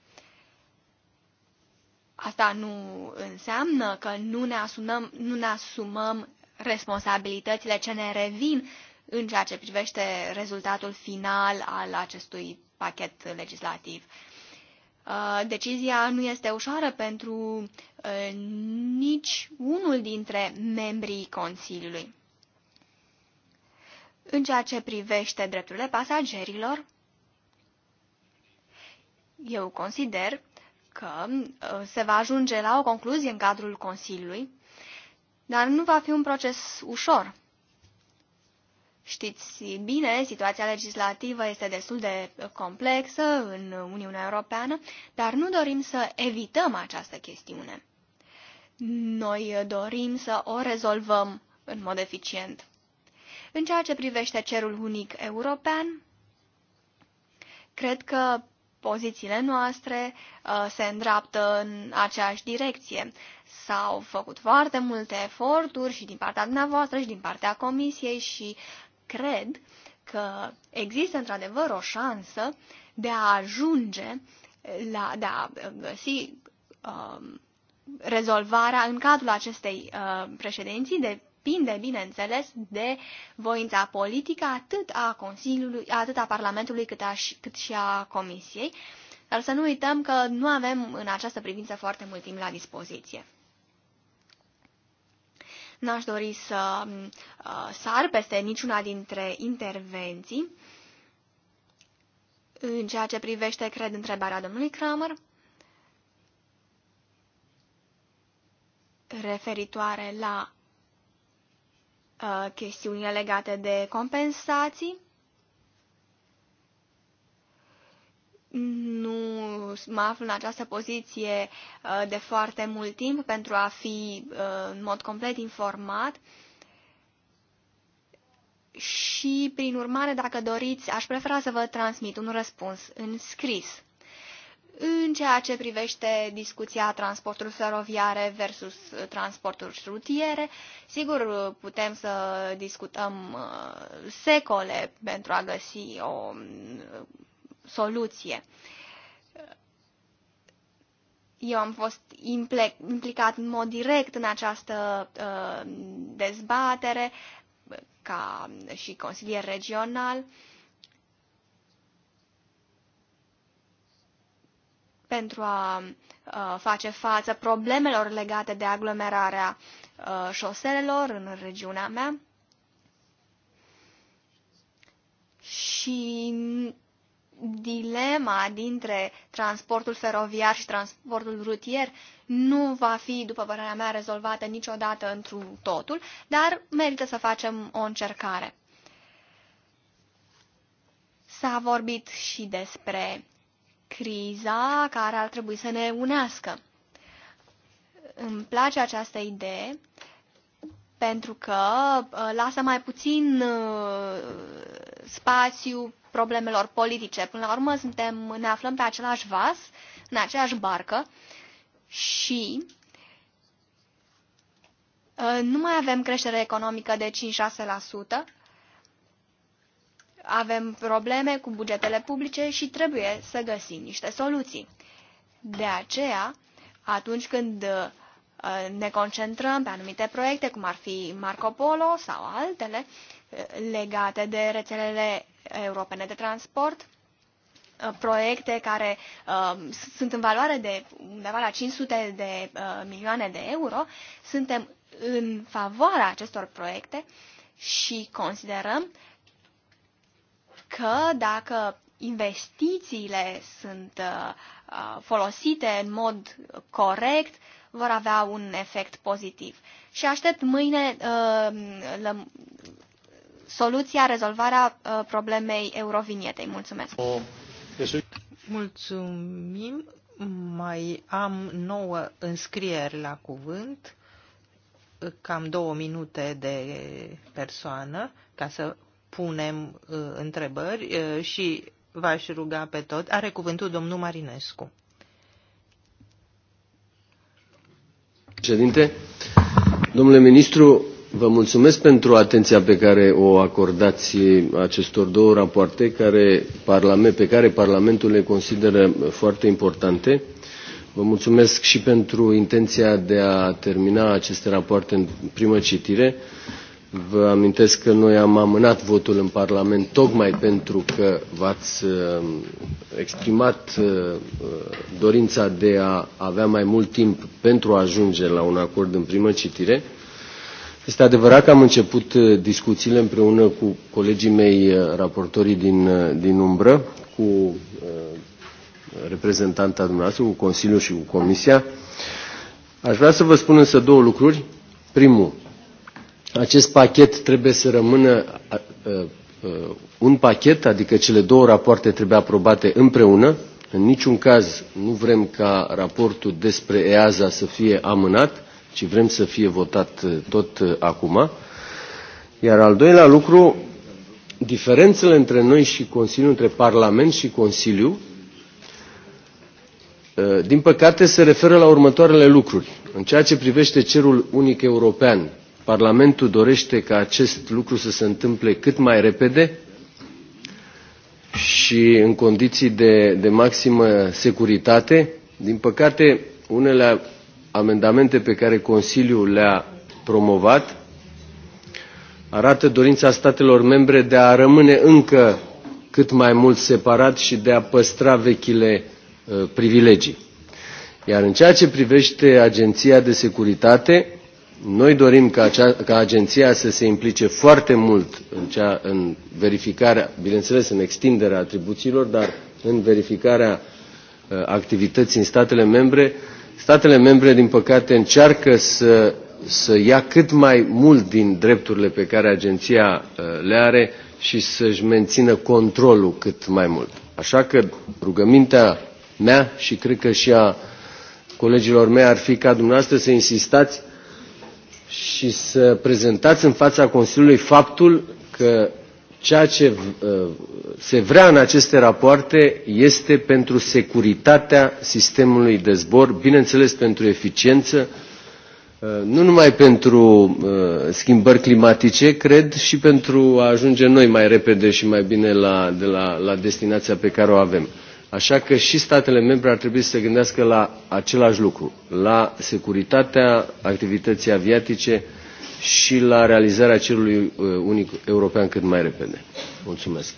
Asta nu înseamnă că nu ne asumăm, nu ne asumăm responsabilitățile ce ne revin în ceea ce privește rezultatul final al acestui pachet legislativ. Uh, decizia nu este ușoară pentru uh, nici unul dintre membrii Consiliului. În ceea ce privește drepturile pasagerilor, eu consider că uh, se va ajunge la o concluzie în cadrul Consiliului, dar nu va fi un proces ușor. Știți bine, situația legislativă este destul de complexă în Uniunea Europeană, dar nu dorim să evităm această chestiune. Noi dorim să o rezolvăm în mod eficient. În ceea ce privește cerul unic european, cred că pozițiile noastre uh, se îndreaptă în aceeași direcție. S-au făcut foarte multe eforturi și din partea dumneavoastră și din partea Comisiei și cred că există într-adevăr o șansă de a ajunge la, de a găsi uh, rezolvarea în cadrul acestei uh, președinții de depinde, bineînțeles, de voința politică atât a Consiliului, atât a Parlamentului cât, a, cât și a Comisiei, dar să nu uităm că nu avem în această privință foarte mult timp la dispoziție. N-aș dori să uh, sar peste niciuna dintre intervenții. În ceea ce privește, cred, întrebarea domnului Kramer, referitoare la Uh, chestiunile legate de compensații. Nu mă aflu în această poziție uh, de foarte mult timp pentru a fi uh, în mod complet informat. Și, prin urmare, dacă doriți, aș prefera să vă transmit un răspuns în scris în ceea ce privește discuția transportul feroviare versus uh, transportul rutiere, sigur uh, putem să discutăm uh, secole pentru a găsi o soluție. Eu am fost implicat în mod direct în această dezbatere ca și consilier regional. pentru a uh, face față problemelor legate de aglomerarea uh, șoselelor în regiunea mea. Și dilema dintre transportul feroviar și transportul rutier nu va fi, după părerea mea, rezolvată niciodată întru totul, dar merită să facem o încercare. S-a vorbit și despre criza care ar trebui să ne unească. Îmi place această idee pentru că uh, lasă mai puțin uh, spațiu problemelor politice. Până la urmă suntem, ne aflăm pe același vas, în aceeași barcă și uh, nu mai avem creștere economică de 5-6%, avem probleme cu bugetele publice și trebuie să găsim niște soluții. De aceea, atunci când uh, ne concentrăm pe anumite proiecte, cum ar fi Marco Polo sau altele uh, legate de rețelele europene de transport, uh, proiecte care uh, sunt în valoare de undeva la 500 de uh, milioane de euro, suntem în favoarea acestor proiecte și considerăm că dacă investițiile sunt uh, folosite în mod corect, vor avea un efect pozitiv. Și aștept mâine uh, soluția, rezolvarea uh, problemei eurovinietei. Mulțumesc! Mulțumim! Mai am nouă înscrieri la cuvânt, cam două minute de persoană, ca să punem uh, întrebări uh, și v-aș ruga pe tot. Are cuvântul domnul Marinescu. Președinte, domnule ministru, vă mulțumesc pentru atenția pe care o acordați acestor două rapoarte care, pe care Parlamentul le consideră foarte importante. Vă mulțumesc și pentru intenția de a termina aceste rapoarte în primă citire. Vă amintesc că noi am amânat votul în Parlament tocmai pentru că v-ați uh, exprimat uh, uh, dorința de a avea mai mult timp pentru a ajunge la un acord în primă citire. Este adevărat că am început discuțiile împreună cu colegii mei raportorii din, din umbră, cu reprezentanta dumneavoastră, cu Consiliul și cu Comisia. Aș vrea să vă spun însă două lucruri. Primul, acest pachet trebuie să rămână uh, un pachet, adică cele două rapoarte trebuie aprobate împreună. În niciun caz nu vrem ca raportul despre EASA să fie amânat, ci vrem să fie votat uh, tot uh, acum. Iar al doilea lucru, diferențele între noi și Consiliu, între Parlament și Consiliu, din păcate se referă la următoarele lucruri. În ceea ce privește cerul unic european, Parlamentul dorește ca acest lucru să se întâmple cât mai repede și în condiții de, de maximă securitate. Din păcate, unele amendamente pe care Consiliul le-a promovat arată dorința statelor membre de a rămâne încă cât mai mult separat și de a păstra vechile uh, privilegii. Iar în ceea ce privește Agenția de Securitate, noi dorim ca, acea, ca agenția să se implice foarte mult în, cea, în verificarea, bineînțeles în extinderea atribuțiilor, dar în verificarea uh, activității în statele membre. Statele membre, din păcate, încearcă să, să ia cât mai mult din drepturile pe care agenția uh, le are și să-și mențină controlul cât mai mult. Așa că rugămintea mea și cred că și a colegilor mei ar fi ca dumneavoastră să insistați și să prezentați în fața Consiliului faptul că ceea ce uh, se vrea în aceste rapoarte este pentru securitatea sistemului de zbor, bineînțeles pentru eficiență, uh, nu numai pentru uh, schimbări climatice, cred, și pentru a ajunge noi mai repede și mai bine la, de la, la destinația pe care o avem. Așa că și statele membre ar trebui să se gândească la același lucru, la securitatea activității aviatice și la realizarea cerului uh, unic european cât mai repede. Mulțumesc!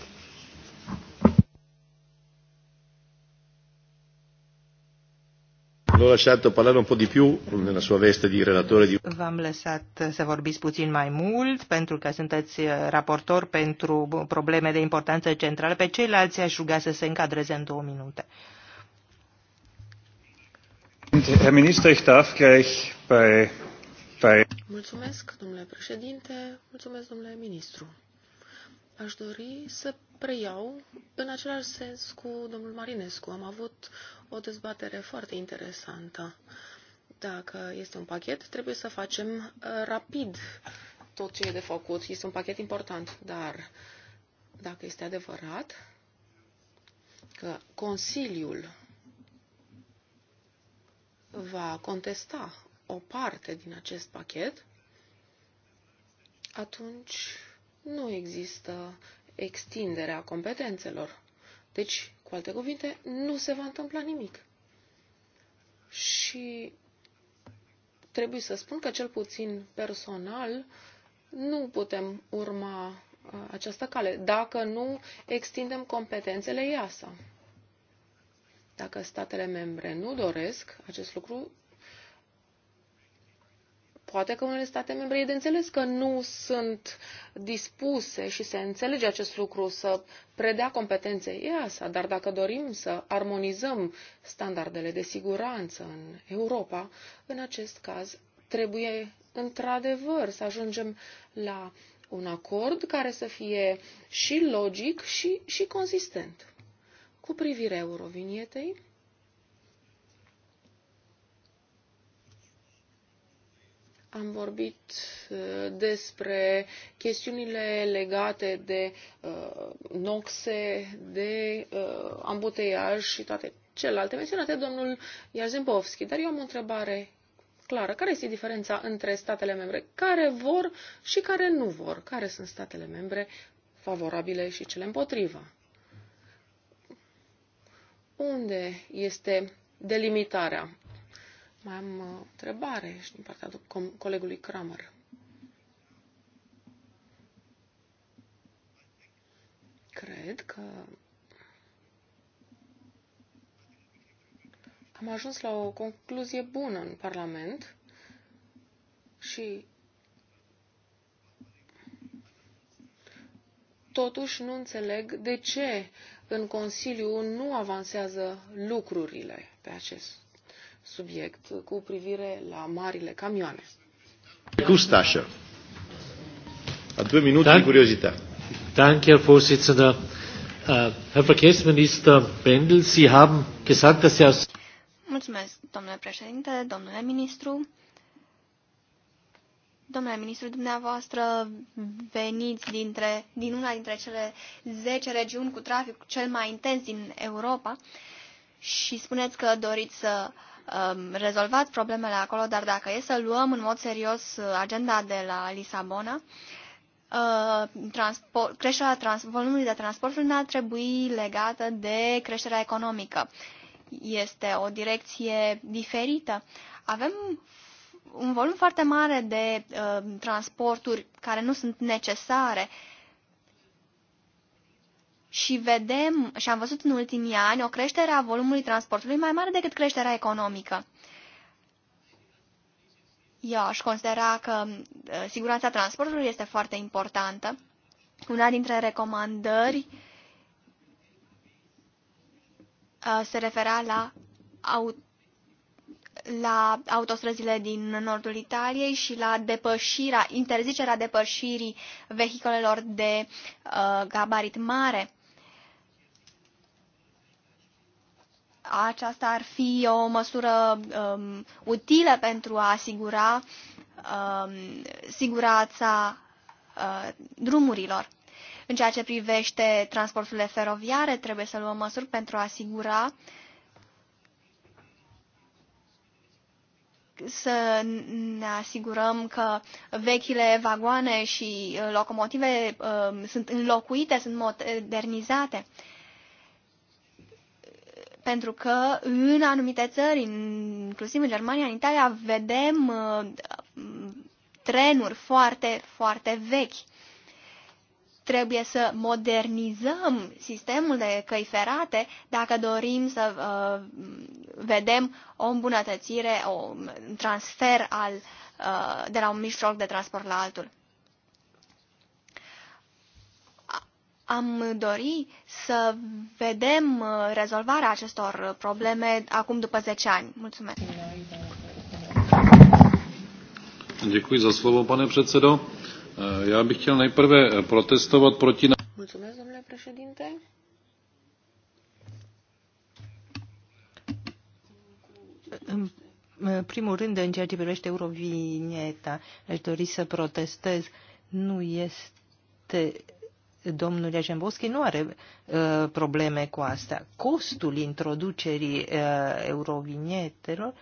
V-am lăsat să vorbiți puțin mai mult pentru că sunteți uh, raportor pentru probleme de importanță centrală. Pe ceilalți aș ruga să se încadreze în două minute. Herr Minister, ich darf gleich bei, bei... Mulțumesc, domnule președinte, mulțumesc, domnule ministru. Aș dori să preiau în același sens cu domnul Marinescu. Am avut o dezbatere foarte interesantă. Dacă este un pachet, trebuie să facem uh, rapid tot ce e de făcut. Este un pachet important, dar dacă este adevărat că Consiliul va contesta o parte din acest pachet, atunci nu există extinderea competențelor. Deci, cu alte cuvinte, nu se va întâmpla nimic. Și trebuie să spun că, cel puțin personal, nu putem urma uh, această cale dacă nu extindem competențele iasa. Dacă statele membre nu doresc acest lucru, Poate că unele state membre e de înțeles că nu sunt dispuse și se înțelege acest lucru să predea competențe EASA, dar dacă dorim să armonizăm standardele de siguranță în Europa, în acest caz trebuie într-adevăr să ajungem la un acord care să fie și logic și, și consistent. Cu privire eurovinietei, am vorbit uh, despre chestiunile legate de uh, noxe, de uh, ambuteiaj și toate celelalte menționate domnul Iarzembovski. Dar eu am o întrebare clară. Care este diferența între statele membre care vor și care nu vor? Care sunt statele membre favorabile și cele împotriva? Unde este delimitarea? Mai am o uh, întrebare și din partea colegului Kramer. Cred că am ajuns la o concluzie bună în Parlament și totuși nu înțeleg de ce în Consiliu nu avansează lucrurile pe acest subiect cu privire la marile camioane. Custașă. A două minute de curiozitate. Danke, Herr Vorsitzender. Uh, Herr Verkehrsminister Bendel, Sie haben gesagt, dass Sie aus Mulțumesc, domnule președinte, domnule ministru. Domnule ministru, dumneavoastră veniți dintre, din una dintre cele 10 regiuni cu trafic cel mai intens din Europa și spuneți că doriți să uh, Um, rezolvat problemele acolo, dar dacă e să luăm în mod serios uh, agenda de la Lisabona, uh, transport, creșterea trans, volumului de transport nu ar trebui legată de creșterea economică. Este o direcție diferită. Avem un volum foarte mare de uh, transporturi care nu sunt necesare uh, și vedem și am văzut în ultimii ani o creștere a volumului transportului mai mare decât creșterea economică. Eu aș considera că uh, siguranța transportului este foarte importantă. Una dintre recomandări uh, se referea la, au, la autostrăzile din nordul Italiei și la depășirea, interzicerea depășirii vehiculelor de uh, gabarit mare. aceasta ar fi o măsură um, utilă pentru a asigura um, siguranța uh, drumurilor. În ceea ce privește transporturile feroviare, trebuie să luăm măsuri pentru a asigura să ne asigurăm că vechile vagoane și locomotive uh, sunt înlocuite, sunt modernizate. Uh, pentru că în anumite țări, inclusiv în Germania, în Italia, vedem uh, trenuri foarte, foarte vechi. Trebuie să modernizăm sistemul de căi ferate dacă dorim să uh, vedem o îmbunătățire, o, un transfer al, uh, de la un mijloc de transport la altul. am dori să vedem uh, rezolvarea acestor probleme acum după 10 ani. Mulțumesc. Děkuji za slovo, pane předsedo. Uh, já bych chtěl nejprve protestovat proti... Mulțumesc, domnule președinte. În primul rând, în ceea ce privește Eurovinieta, aș dori să protestez. Nu este domnul Jemboschi nu are uh, probleme cu asta. Costul introducerii uh, eurovinietelor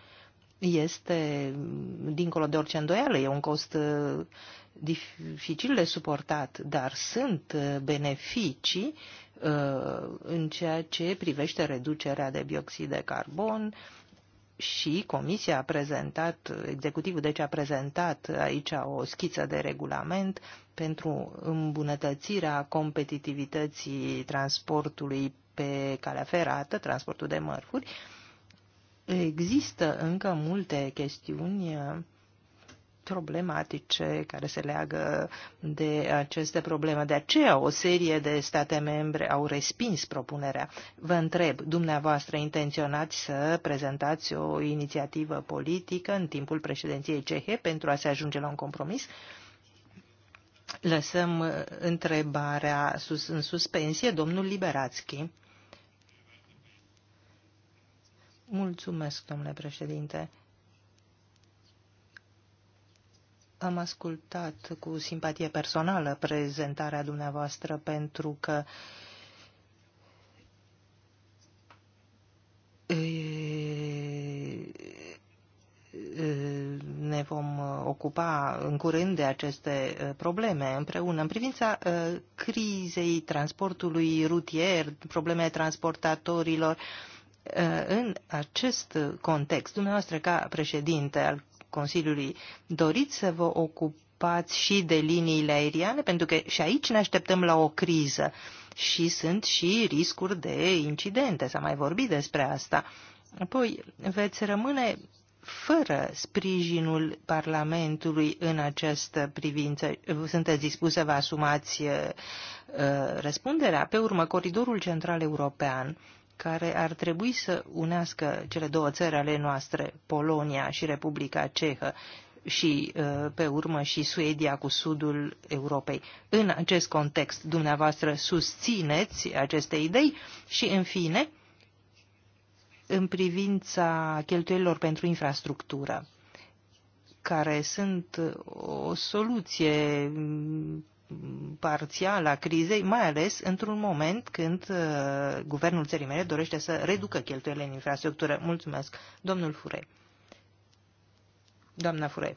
este, mm, dincolo de orice îndoială, e un cost uh, dificil de suportat, dar sunt uh, beneficii uh, în ceea ce privește reducerea de bioxid de carbon, uh, și Comisia a prezentat, executivul deci a prezentat aici o schiță de regulament pentru îmbunătățirea competitivității transportului pe calea ferată, transportul de mărfuri. Există încă multe chestiuni problematice care se leagă de aceste probleme. De aceea o serie de state membre au respins propunerea. Vă întreb, dumneavoastră intenționați să prezentați o inițiativă politică în timpul președinției cehe pentru a se ajunge la un compromis? Lăsăm întrebarea sus, în suspensie, domnul Liberațchi. Mulțumesc, domnule președinte. Am ascultat cu simpatie personală prezentarea dumneavoastră pentru că ne vom ocupa în curând de aceste probleme împreună. În privința crizei transportului rutier, probleme transportatorilor, în acest context, dumneavoastră ca președinte al Consiliului. Doriți să vă ocupați și de liniile aeriene, pentru că și aici ne așteptăm la o criză și sunt și riscuri de incidente, s-a mai vorbit despre asta. Apoi veți rămâne fără sprijinul Parlamentului în această privință. Sunteți dispus să vă asumați uh, răspunderea? Pe urmă, Coridorul Central European care ar trebui să unească cele două țări ale noastre, Polonia și Republica Cehă, și uh, pe urmă și Suedia cu sudul Europei. În acest context, dumneavoastră susțineți aceste idei și, în fine, în privința cheltuielilor pentru infrastructură, care sunt o soluție parțială a crizei, mai ales într-un moment când uh, guvernul țării mele dorește să reducă cheltuielile în infrastructură. Mulțumesc, domnul Fure. Doamna Fure.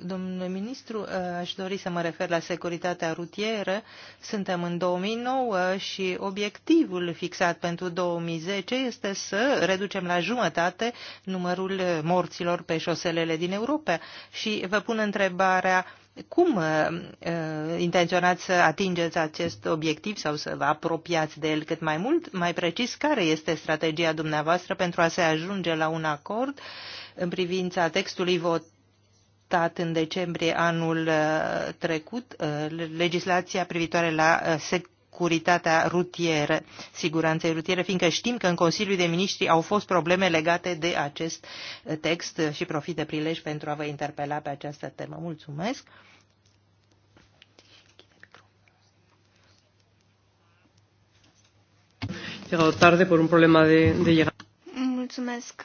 Domnule ministru, uh, aș dori să mă refer la securitatea rutieră. Suntem în 2009 și obiectivul fixat pentru 2010 este să reducem la jumătate numărul morților pe șoselele din Europa. Și vă pun întrebarea, cum uh, uh, intenționați să atingeți acest obiectiv sau să vă apropiați de el cât mai mult? Mai precis, care este strategia dumneavoastră pentru a se ajunge la un acord în privința textului votat? în decembrie anul uh, trecut legislația privitoare la securitatea rutieră, siguranței rutiere, fiindcă știm că în Consiliul de Ministri au fost probleme legate de acest text și profit de prilej pentru a vă interpela pe această temă. Mulțumesc! un problema de, Mulțumesc.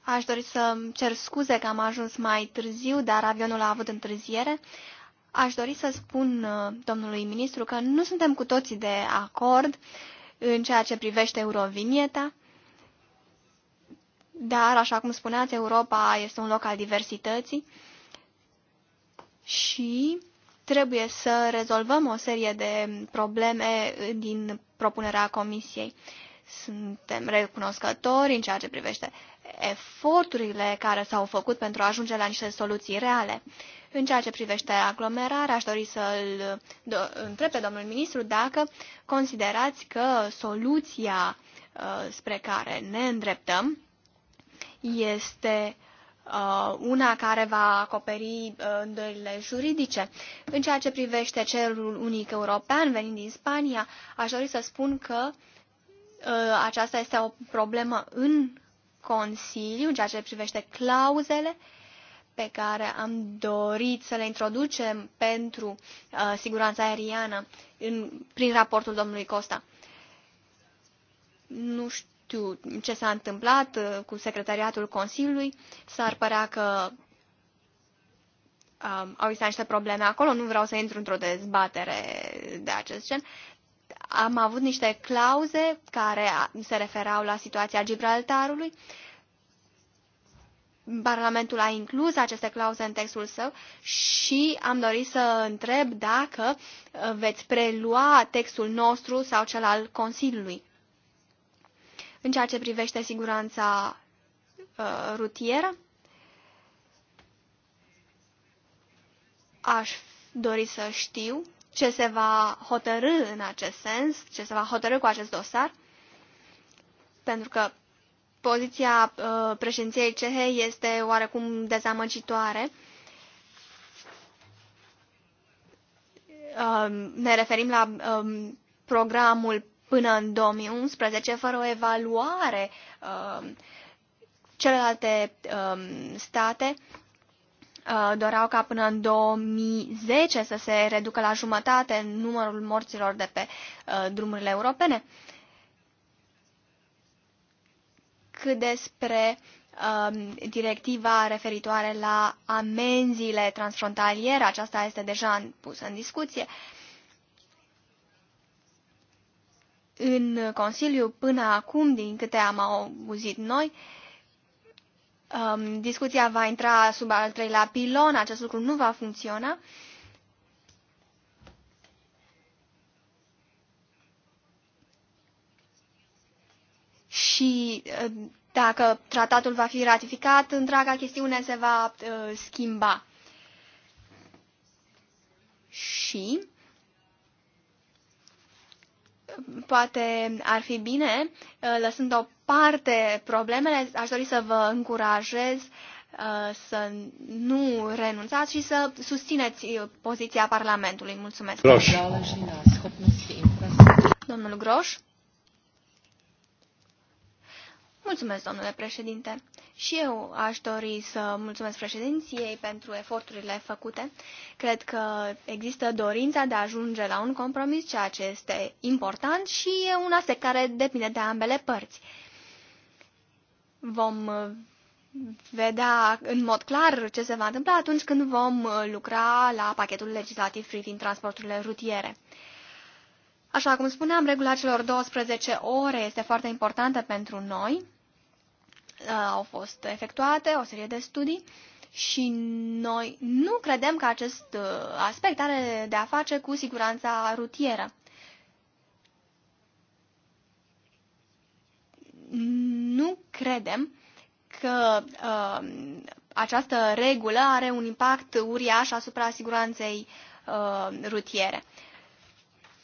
Aș dori să cer scuze că am ajuns mai târziu, dar avionul a avut întârziere. Aș dori să spun uh, domnului ministru că nu suntem cu toții de acord în ceea ce privește Eurovinieta, dar, așa cum spuneați, Europa este un loc al diversității și trebuie să rezolvăm o serie de probleme din propunerea Comisiei. Suntem recunoscători în ceea ce privește eforturile care s-au făcut pentru a ajunge la niște soluții reale. În ceea ce privește aglomerarea, aș dori să-l întreb pe domnul ministru dacă considerați că soluția uh, spre care ne îndreptăm este uh, una care va acoperi uh, îndoielile juridice. În ceea ce privește cerul unic european venind din Spania, aș dori să spun că aceasta este o problemă în Consiliu, în ceea ce privește clauzele pe care am dorit să le introducem pentru uh, siguranța aeriană în, prin raportul domnului Costa. Nu știu ce s-a întâmplat uh, cu secretariatul Consiliului. S-ar părea că uh, au existat niște probleme acolo. Nu vreau să intru într-o dezbatere de acest gen. Am avut niște clauze care se referau la situația Gibraltarului. Uh, Parlamentul a inclus aceste clauze în textul său și am dorit să întreb dacă uh, veți prelua textul nostru sau cel al Consiliului. În ceea ce privește siguranța uh, rutieră, aș dori să știu ce se va hotărâ în acest sens, ce se va hotărâ cu acest dosar, pentru că poziția uh, președinției cehe este oarecum dezamăgitoare. Um, ne referim la um, programul până în 2011, fără o evaluare um, celelalte state uh, doreau ca până în 2010 să se reducă la jumătate numărul morților de pe uh, drumurile europene. cât despre um, directiva referitoare la amenziile transfrontaliere, aceasta este deja pusă în discuție. În Consiliu, până acum, din câte am auzit noi, um, discuția va intra sub al treilea pilon, acest lucru nu va funcționa. Uh, și ă, dacă tratatul va fi ratificat, întreaga chestiune se va ă, schimba. Și poate ar fi bine, ă, lăsând o parte problemele, aș dori să vă încurajez să nu renunțați și să susțineți poziția Parlamentului. Mulțumesc. Groș. Domnul Groș. Mulțumesc, domnule președinte. Și eu aș dori să mulțumesc președinției pentru eforturile făcute. Cred că există dorința de a ajunge la un compromis, ceea ce este important și e un aspect care depinde de ambele părți. Vom uh, vedea în mod clar ce se va întâmpla atunci când vom uh, lucra la pachetul legislativ privind transporturile rutiere. Așa cum spuneam, regula celor 12 ore este foarte importantă pentru noi Uh, au fost efectuate o serie de studii și noi nu credem că acest uh, aspect are de a face cu siguranța rutieră. Nu credem că uh, această regulă are un impact uriaș asupra siguranței uh, rutiere.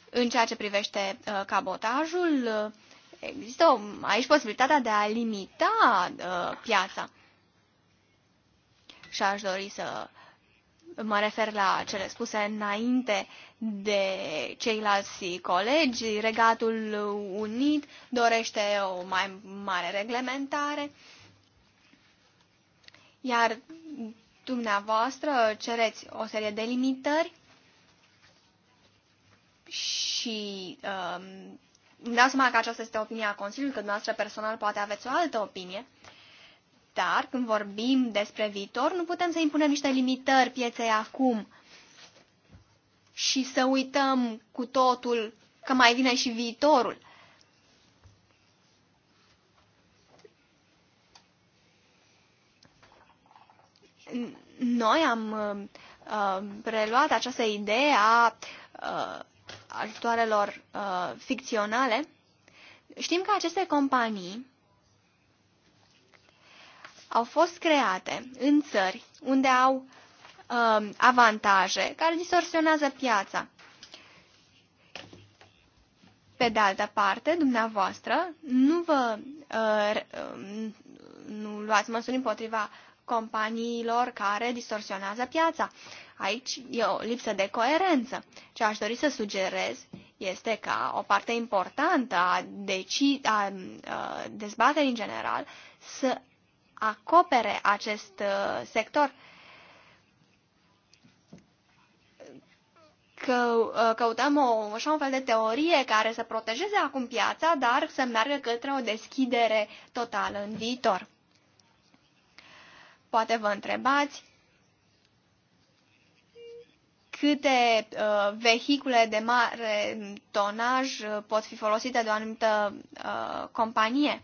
În ceea ce privește uh, cabotajul, uh, Există o, aici posibilitatea de a limita uh, piața. Și aș dori să mă refer la cele spuse înainte de ceilalți colegi. Regatul Unit dorește o mai mare reglementare, iar dumneavoastră cereți o serie de limitări și Uh, îmi dau seama că aceasta este opinia Consiliului, că dumneavoastră personal poate aveți o altă opinie, dar când vorbim despre viitor, nu putem să impunem niște limitări pieței acum și să uităm cu totul că mai vine și viitorul. Noi am uh, uh preluat această idee a uh, ajutoarelor uh, ficționale, știm că aceste companii au fost create în țări unde au uh, avantaje care distorsionează piața. Pe de altă parte, dumneavoastră nu vă uh, uh, nu luați măsuri împotriva companiilor care distorsionează piața. Uh, Aici e o lipsă de coerență. Ce aș dori să sugerez este ca o parte importantă a, deci, a, a dezbaterii în general să acopere acest a, uh, sector. Că, a, uh, căutăm o, așa un fel de teorie care să protejeze acum piața, dar să meargă către o deschidere totală în viitor. Poate vă întrebați câte uh, vehicule de mare tonaj uh, pot fi folosite de o anumită uh, companie.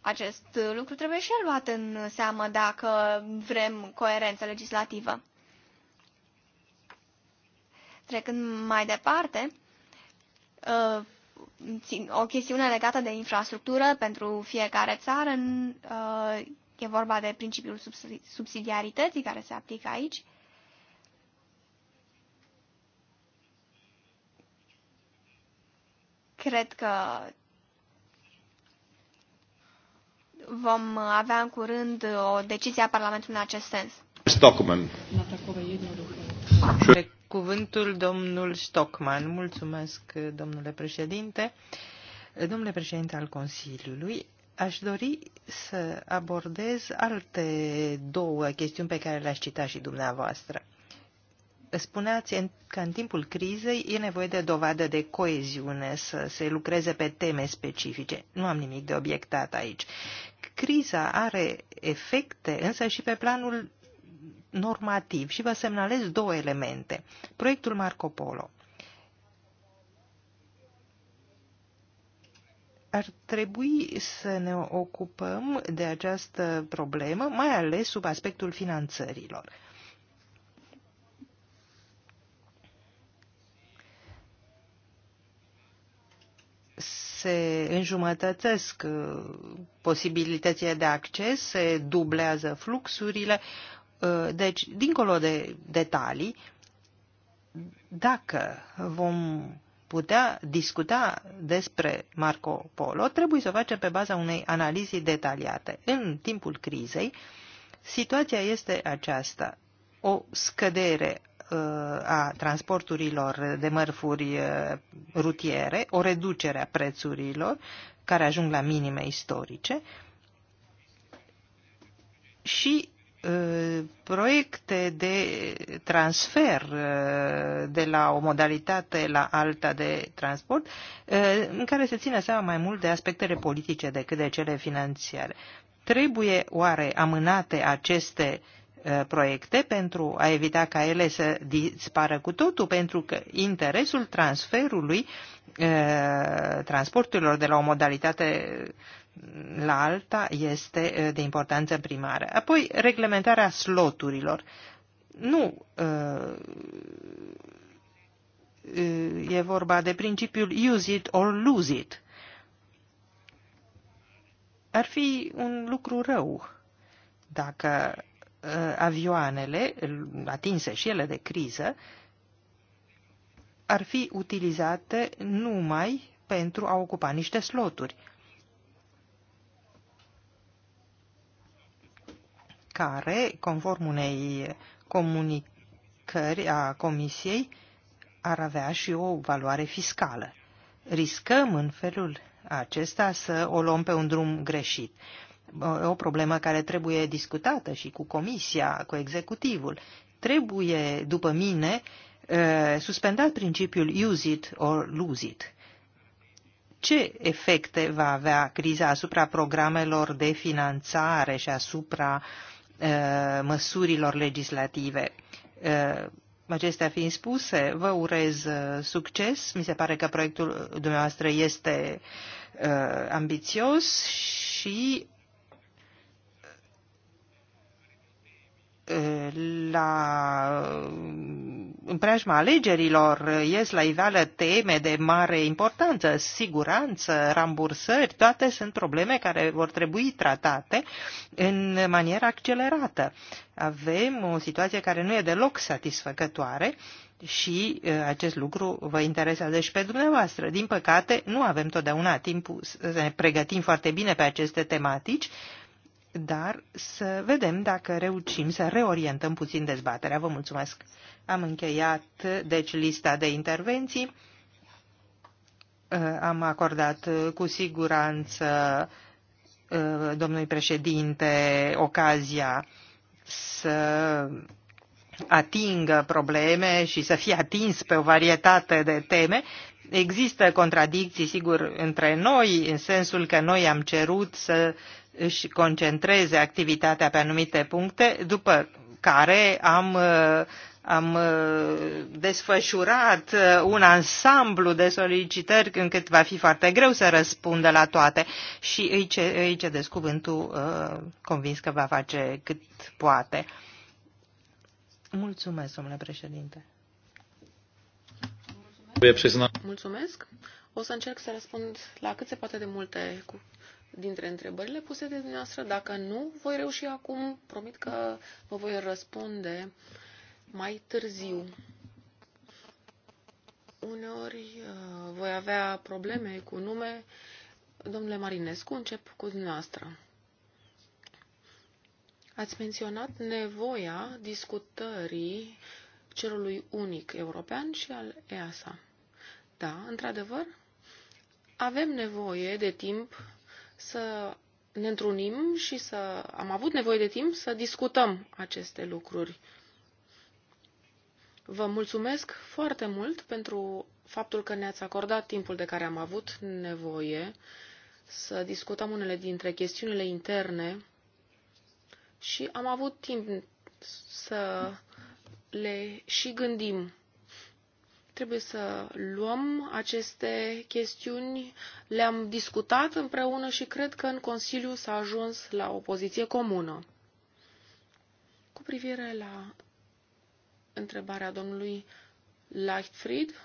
Acest lucru trebuie și el luat în seamă dacă vrem coerență legislativă. Trecând mai departe, uh, o chestiune legată de infrastructură pentru fiecare țară uh, E vorba de principiul subsidiarității care se aplică aici. Cred că vom avea în curând o decizie a Parlamentului în acest sens. Stockman. Cuvântul domnul Stockman. Mulțumesc, domnule președinte. Domnule președinte al Consiliului, Aș dori să abordez alte două chestiuni pe care le-aș cita și dumneavoastră. Spuneați că în timpul crizei e nevoie de dovadă de coeziune, să se lucreze pe teme specifice. Nu am nimic de obiectat aici. Criza are efecte însă și pe planul normativ și vă semnalez două elemente. Proiectul Marco Polo ar trebui să ne ocupăm de această problemă, mai ales sub aspectul finanțărilor. se înjumătățesc uh, posibilitățile de acces, se dublează fluxurile. Uh, deci, dincolo de detalii, dacă vom putea discuta despre Marco Polo, trebuie să o facem pe baza unei analize detaliate. În timpul crizei, situația este aceasta. O scădere uh, a transporturilor de mărfuri uh, rutiere, o reducere a prețurilor care ajung la minime istorice și Uh, proiecte de transfer uh, de la o modalitate la alta de transport uh, în care se ține seama mai mult de aspectele politice decât de cele financiare. Trebuie oare amânate aceste proiecte pentru a evita ca ele să dispară cu totul, pentru că interesul transferului transporturilor de la o modalitate la alta este uh, de importanță primară. Apoi, reglementarea sloturilor. Nu uh, uh, e vorba de principiul use it or lose it. Ar fi un lucru rău dacă avioanele, atinse și ele de criză, ar fi utilizate numai pentru a ocupa niște sloturi. care, conform unei comunicări a Comisiei, ar avea și o valoare fiscală. Riscăm în felul acesta să o luăm pe un drum greșit. O problemă care trebuie discutată și cu Comisia, cu executivul. Trebuie, după mine, suspendat principiul use it or lose it ce efecte va avea criza asupra programelor de finanțare și asupra Uh, măsurilor legislative. Uh, acestea fiind spuse, vă urez uh, succes. Mi se pare că proiectul dumneavoastră este ambițios și la în preajma alegerilor ies la iveală teme de mare importanță, siguranță, rambursări, toate sunt probleme care vor trebui tratate în manieră accelerată. Avem o situație care nu e deloc satisfăcătoare și uh, acest lucru vă interesează și pe dumneavoastră. Din păcate, nu avem totdeauna timpul să ne pregătim foarte bine pe aceste tematici, dar să vedem dacă reușim să reorientăm puțin dezbaterea. Vă mulțumesc. Am încheiat, deci, lista de intervenții. Uh, am acordat uh, cu siguranță uh, domnului președinte ocazia să atingă probleme și să fie atins pe o varietate de teme. Există contradicții, sigur, între noi, în sensul că noi am cerut să își concentreze activitatea pe anumite puncte, după care am, uh, am uh, desfășurat uh, un ansamblu de solicitări încât va fi foarte greu să răspundă la toate și îi, ce, îi cedesc cuvântul convins că va face cât poate. Mulțumesc, domnule președinte. Mulțumesc. Mulțumesc. O să încerc să răspund la cât se poate de multe dintre întrebările puse de dumneavoastră. Dacă nu voi reuși acum, promit că vă voi răspunde mai târziu. Uneori uh, voi avea probleme cu nume. Domnule Marinescu, încep cu dumneavoastră. Ați menționat nevoia discutării cerului unic european și al EASA. Da, într-adevăr, avem nevoie de timp să ne întrunim și să am avut nevoie de timp să discutăm aceste lucruri. Vă mulțumesc foarte mult pentru faptul că ne-ați acordat timpul de care am avut nevoie să discutăm unele dintre chestiunile interne și am avut timp să le și gândim trebuie să luăm aceste chestiuni. Le-am discutat împreună și cred că în Consiliu s-a ajuns la o poziție comună. Cu privire la întrebarea domnului Leichtfried,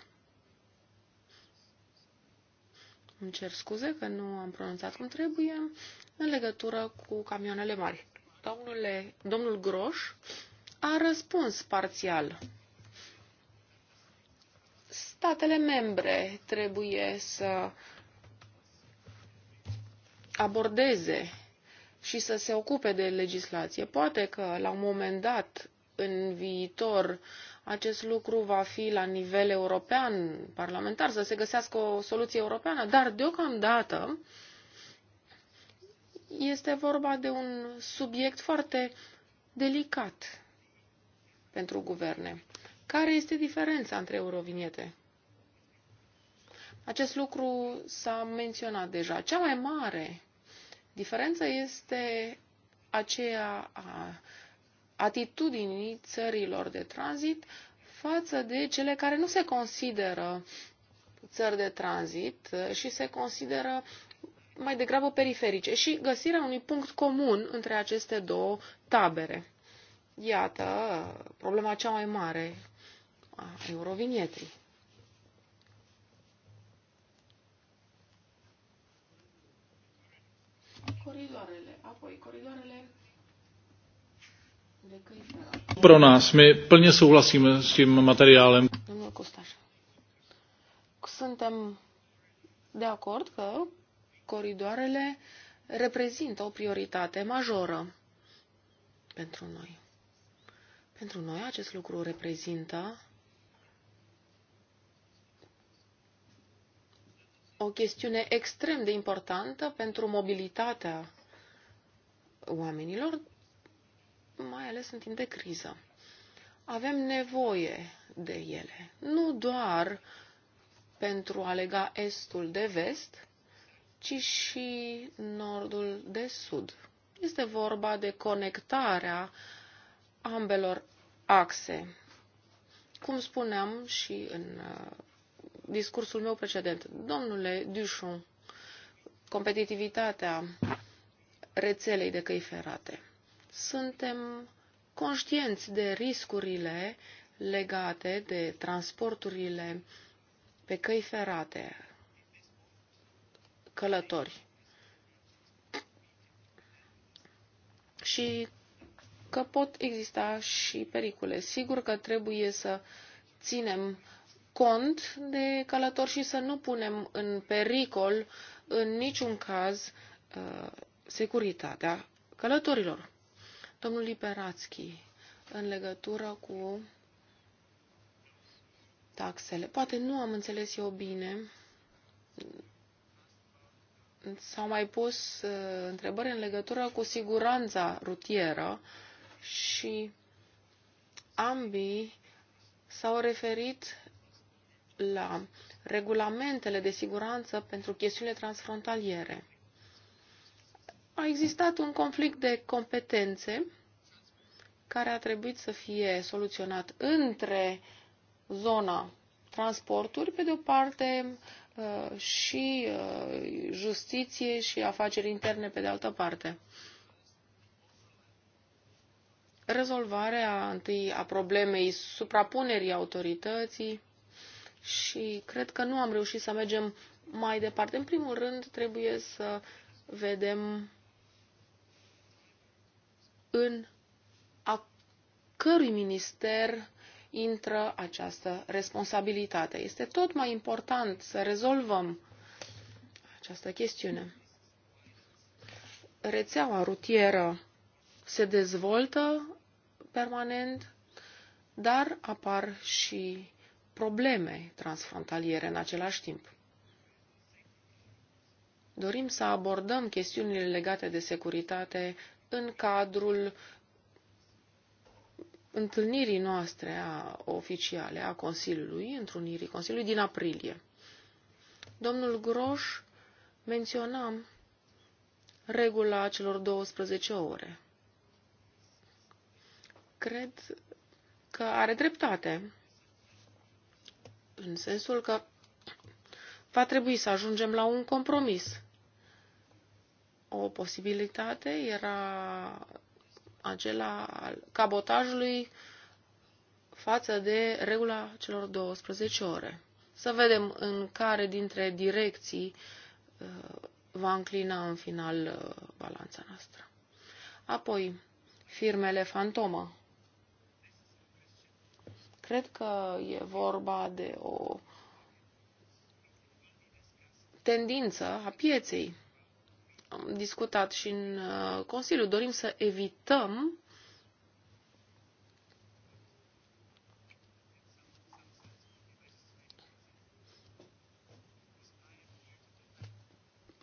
îmi cer scuze că nu am pronunțat cum trebuie, în legătură cu camioanele mari. Domnule, domnul Groș a răspuns parțial statele membre trebuie să abordeze și să se ocupe de legislație. Poate că la un moment dat în viitor acest lucru va fi la nivel european parlamentar, să se găsească o soluție europeană, dar deocamdată este vorba de un subiect foarte delicat pentru guverne. Care este diferența între eurovinete? Acest lucru s-a menționat deja. Cea mai mare diferență este aceea a atitudinii țărilor de tranzit față de cele care nu se consideră țări de tranzit și se consideră mai degrabă periferice și găsirea unui punct comun între aceste două tabere. Iată problema cea mai mare a eurovinietei. Coridoarele, apoi coridoarele de căi Pro nás, my plně souhlasíme s tím materiálem. Domnul Costaș, suntem de acord că coridoarele reprezintă o prioritate majoră pentru noi. Pentru noi acest lucru reprezintă o chestiune extrem de importantă pentru mobilitatea oamenilor, mai ales în timp de criză. Avem nevoie de ele, nu doar pentru a lega estul de vest, ci și nordul de sud. Este vorba de conectarea ambelor axe. Cum spuneam și în uh, discursul meu precedent. Domnule Duchon, competitivitatea rețelei de căi ferate. Suntem conștienți de riscurile legate de transporturile pe căi ferate, călători. Și că pot exista și pericole. Sigur că trebuie să ținem cont de călător și să nu punem în pericol în niciun caz uh, securitatea călătorilor. Domnul Liberațchi, în legătură cu taxele. Poate nu am înțeles eu bine. S-au mai pus uh, întrebări în legătură cu siguranța rutieră și ambii s-au referit la regulamentele de siguranță pentru chestiunile transfrontaliere. A existat un conflict de competențe care a trebuit să fie soluționat între zona transporturi, pe de o parte, uh, și uh, justiție și afaceri interne, pe de altă parte. Rezolvarea întâi a problemei suprapunerii autorității și cred că nu am reușit să mergem mai departe. În primul rând, trebuie să vedem în a cărui minister intră această responsabilitate. Este tot mai important să rezolvăm această chestiune. Rețeaua rutieră se dezvoltă permanent, dar apar și probleme transfrontaliere în același timp. Dorim să abordăm chestiunile legate de securitate în cadrul întâlnirii noastre a oficiale a Consiliului, întrunirii Consiliului din aprilie. Domnul Groș menționa regula celor 12 ore. Cred că are dreptate în sensul că va trebui să ajungem la un compromis. O posibilitate era acela al cabotajului față de regula celor 12 ore. Să vedem în care dintre direcții uh, va înclina în final uh, balanța noastră. Apoi, firmele fantomă. Cred că e vorba de o tendință a pieței. Am discutat și în uh, Consiliu. Dorim să evităm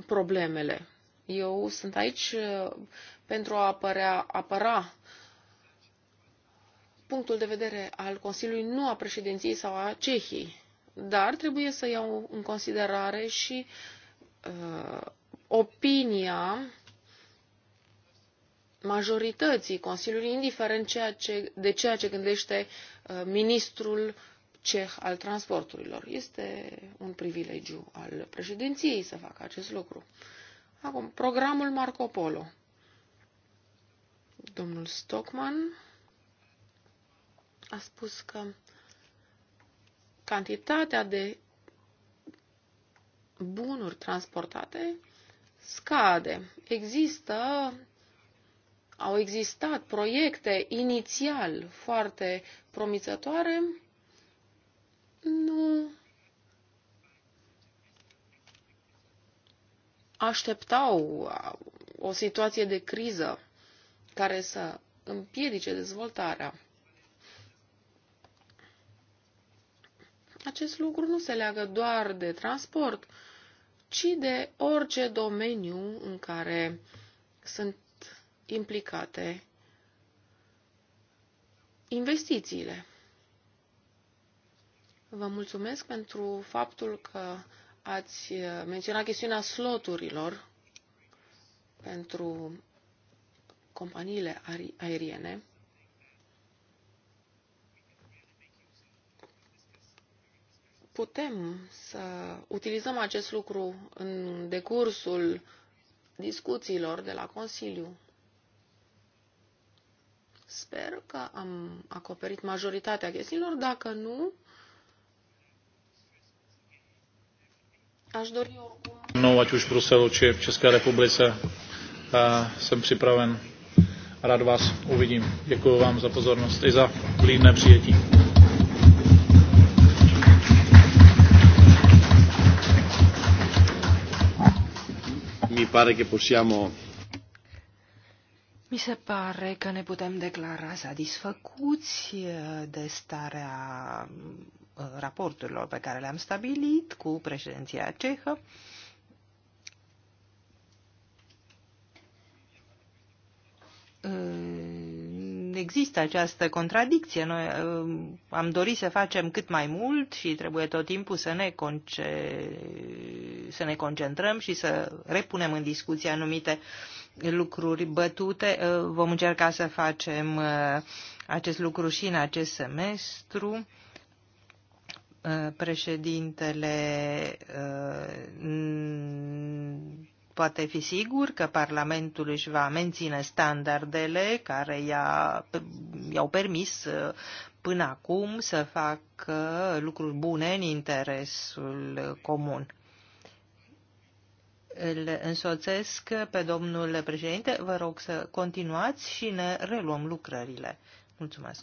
problemele. Eu sunt aici uh, pentru a apărea, apăra punctul de vedere al Consiliului, nu a președinției sau a Cehiei, dar trebuie să iau în considerare și uh, opinia majorității Consiliului, indiferent ceea ce, de ceea ce gândește uh, ministrul ceh al transporturilor. Este un privilegiu al președinției să facă acest lucru. Acum, programul Marco Polo. Domnul Stockman a spus că cantitatea de bunuri transportate scade. Există, au existat proiecte inițial foarte promițătoare, nu așteptau o situație de criză care să împiedice dezvoltarea. Acest lucru nu se leagă doar de transport, ci de orice domeniu în care sunt implicate investițiile. Vă mulțumesc pentru faptul că ați menționat chestiunea sloturilor pentru companiile aeriene. putem să utilizăm acest lucru în decursul discuțiilor de la Consiliu. Sper că am acoperit majoritatea chestiilor. Dacă nu, aș dori oricum... No, ať už v Bruselu, či v České republice, jsem připraven. Rád vás uvidím. Děkuji vám za pozornost i za plínné přijetí. mi pare che possiamo... Mi se pare că ne putem declara satisfăcuți eh, de starea mm, eh, raporturilor pe care le-am stabilit cu președinția cehă. există această contradicție. Noi uh, am dorit să facem cât mai mult și trebuie tot timpul să ne, conce... să ne concentrăm și să repunem în discuție anumite lucruri bătute. Uh, vom încerca să facem uh, acest lucru și în acest semestru președintele poate fi sigur că Parlamentul își va menține standardele care i-au permis uh, până acum să facă lucruri bune în interesul comun. Îl însoțesc pe domnul președinte. Vă rog să continuați și ne reluăm lucrările. Mulțumesc.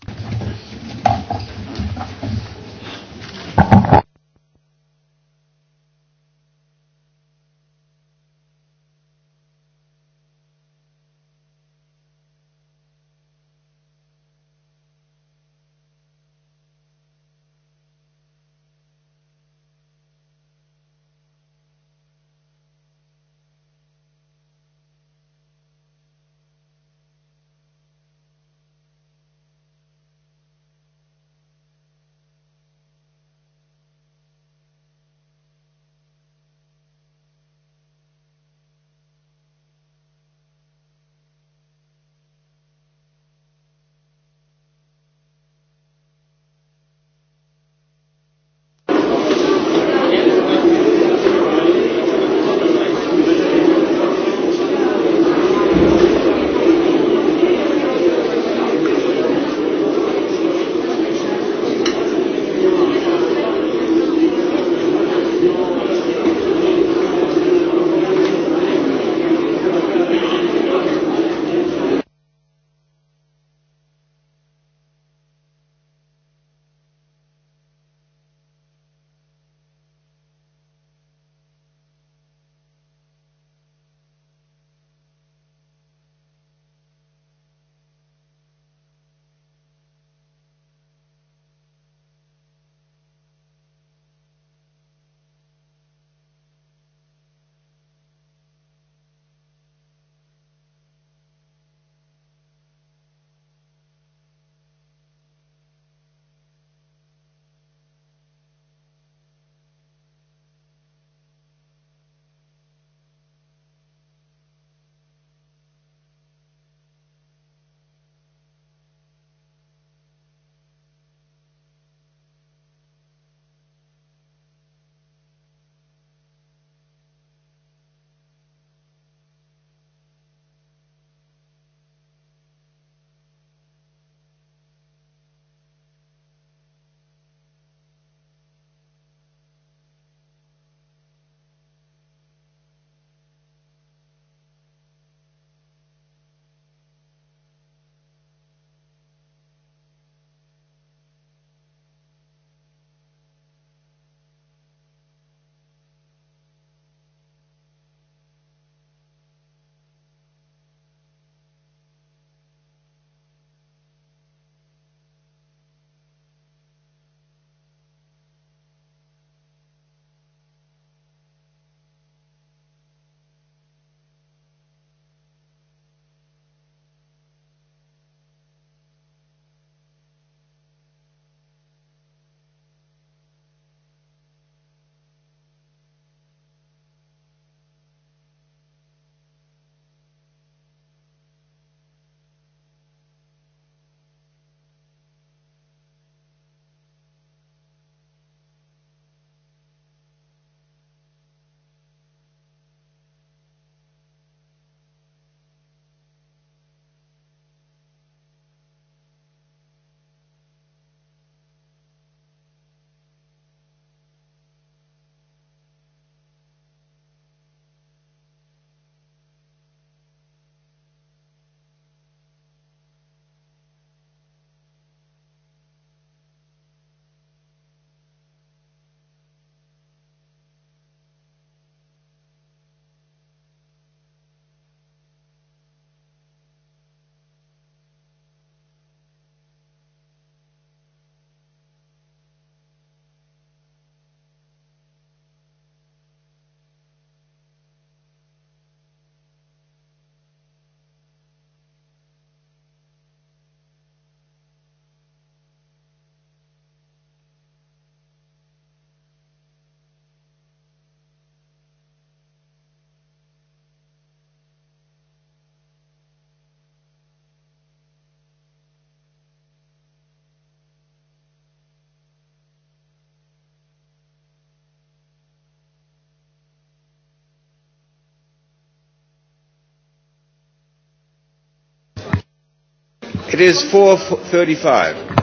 is 4.35.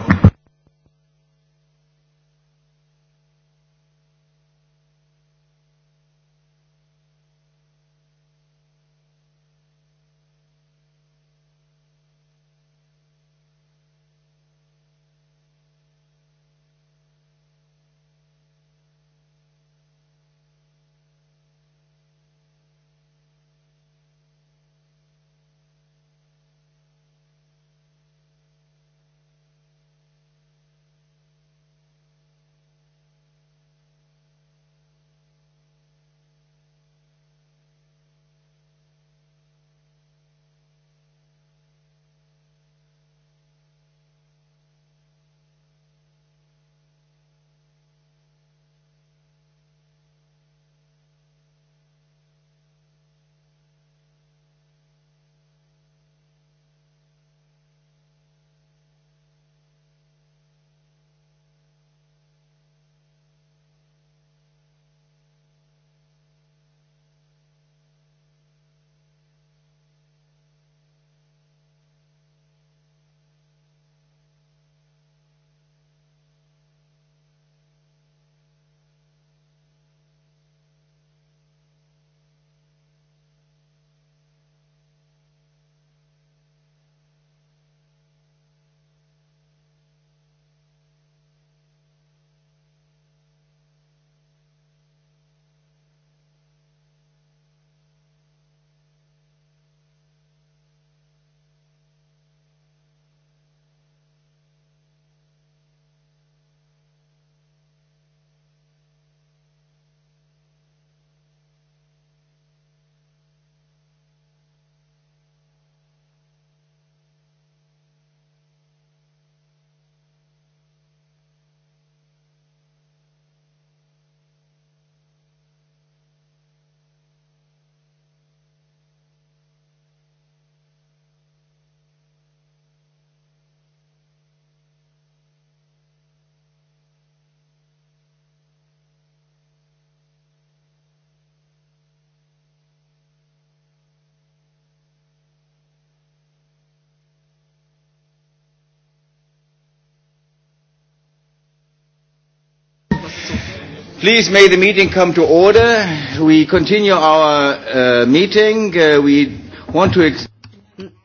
Please may the meeting come to order. We continue our uh, meeting. Uh, we want to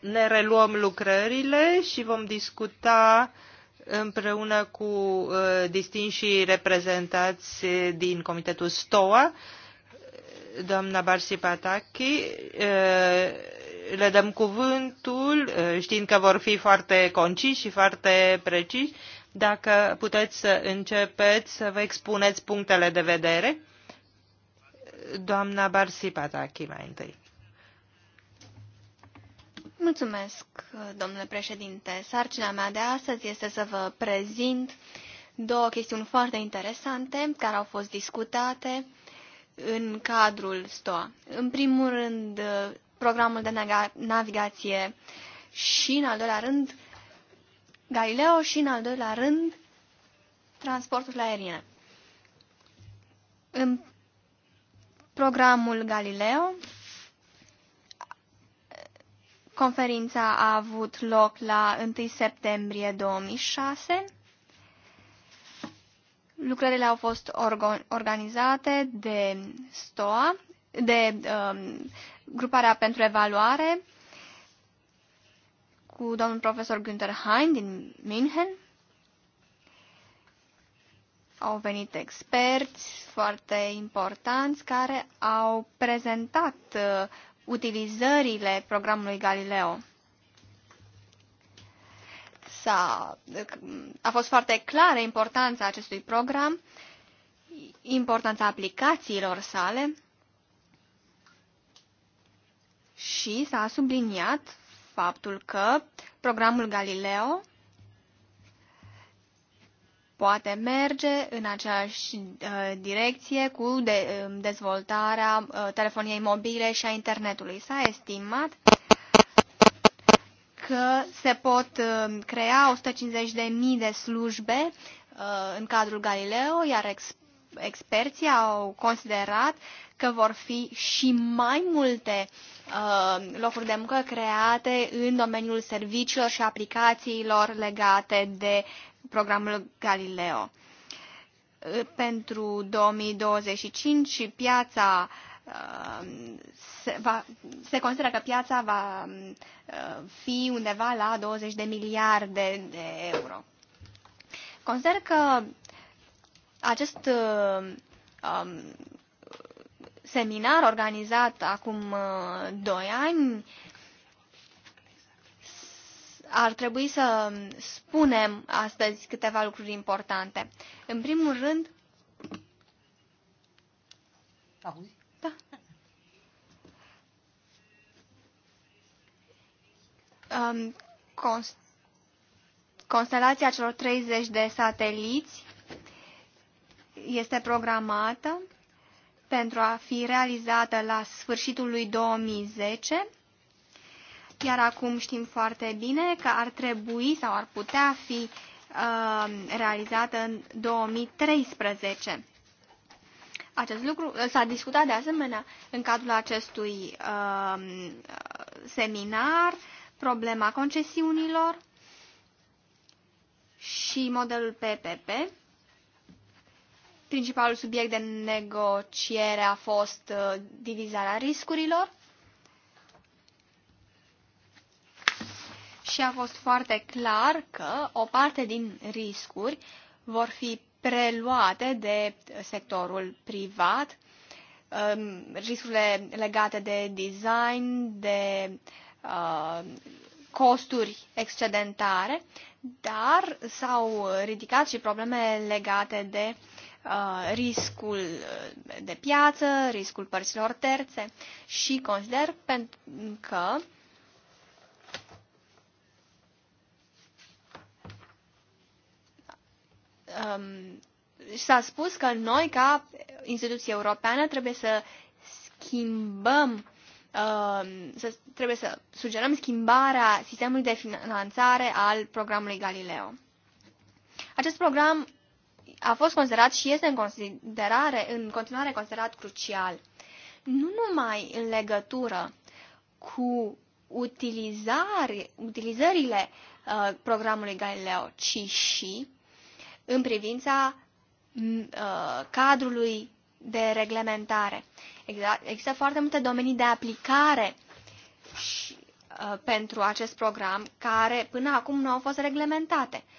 ne reluăm lucrările și vom discuta împreună cu uh, distinși reprezentanți din Comitetul STOA, doamna Barsi Pataki. Uh, le dăm cuvântul, uh, știind că vor fi foarte conciși și foarte preciși. Uh, dacă puteți să începeți să vă expuneți punctele de vedere. Doamna Barsi Pataki mai întâi. Mulțumesc, domnule președinte. Sarcina mea de astăzi este să vă prezint două chestiuni foarte interesante care au fost discutate în cadrul STOA. În primul rând, programul de navigație și, în al doilea rând, Galileo și, în al doilea rând, transportul aerian. În programul Galileo, conferința a avut loc la 1 septembrie 2006. Lucrările au fost organizate de STOA, de um, Gruparea pentru Evaluare cu domnul profesor Günther Hein din München. Au venit experți foarte importanți care au prezentat uh, utilizările programului Galileo. S-a, a fost foarte clară importanța acestui program, importanța aplicațiilor sale și s-a subliniat faptul că programul Galileo poate merge în aceeași uh, direcție cu de, um, dezvoltarea uh, telefoniei mobile și a internetului. S-a estimat că se pot um, crea 150.000 de slujbe uh, în cadrul Galileo, iar experții experții au considerat că vor fi și mai multe uh, locuri de muncă create în domeniul serviciilor și aplicațiilor legate de programul Galileo. Uh, pentru 2025 piața uh, se, va, se consideră că piața va uh, fi undeva la 20 de miliarde de euro. Consider că acest uh, um, seminar organizat acum uh, doi ani ar trebui să spunem astăzi câteva lucruri importante. În primul rând... Auzi? Ah da. Um, const constelația celor 30 de sateliți este programată pentru a fi realizată la sfârșitul lui 2010, iar acum știm foarte bine că ar trebui sau ar putea fi uh, realizată în 2013. Acest lucru uh, s-a discutat de asemenea în cadrul acestui uh, seminar, problema concesiunilor și modelul PPP. Principalul subiect de negociere a fost uh, divizarea riscurilor și a fost foarte clar că o parte din riscuri vor fi preluate de sectorul privat, um, riscurile legate de design, de uh, costuri excedentare, dar s-au ridicat și probleme legate de Uh, riscul uh, de piață, riscul părților terțe și consider că um, s-a spus că noi, ca instituție europeană, trebuie să schimbăm, uh, să, trebuie să sugerăm schimbarea sistemului de finanțare al programului Galileo. Acest program a fost considerat și este în, considerare, în continuare considerat crucial. Nu numai în legătură cu utilizare, utilizările uh, programului Galileo, ci și în privința mm, uh, cadrului de reglementare. Există foarte multe domenii de aplicare și, uh, pentru acest program care până acum nu au fost reglementate. Uh,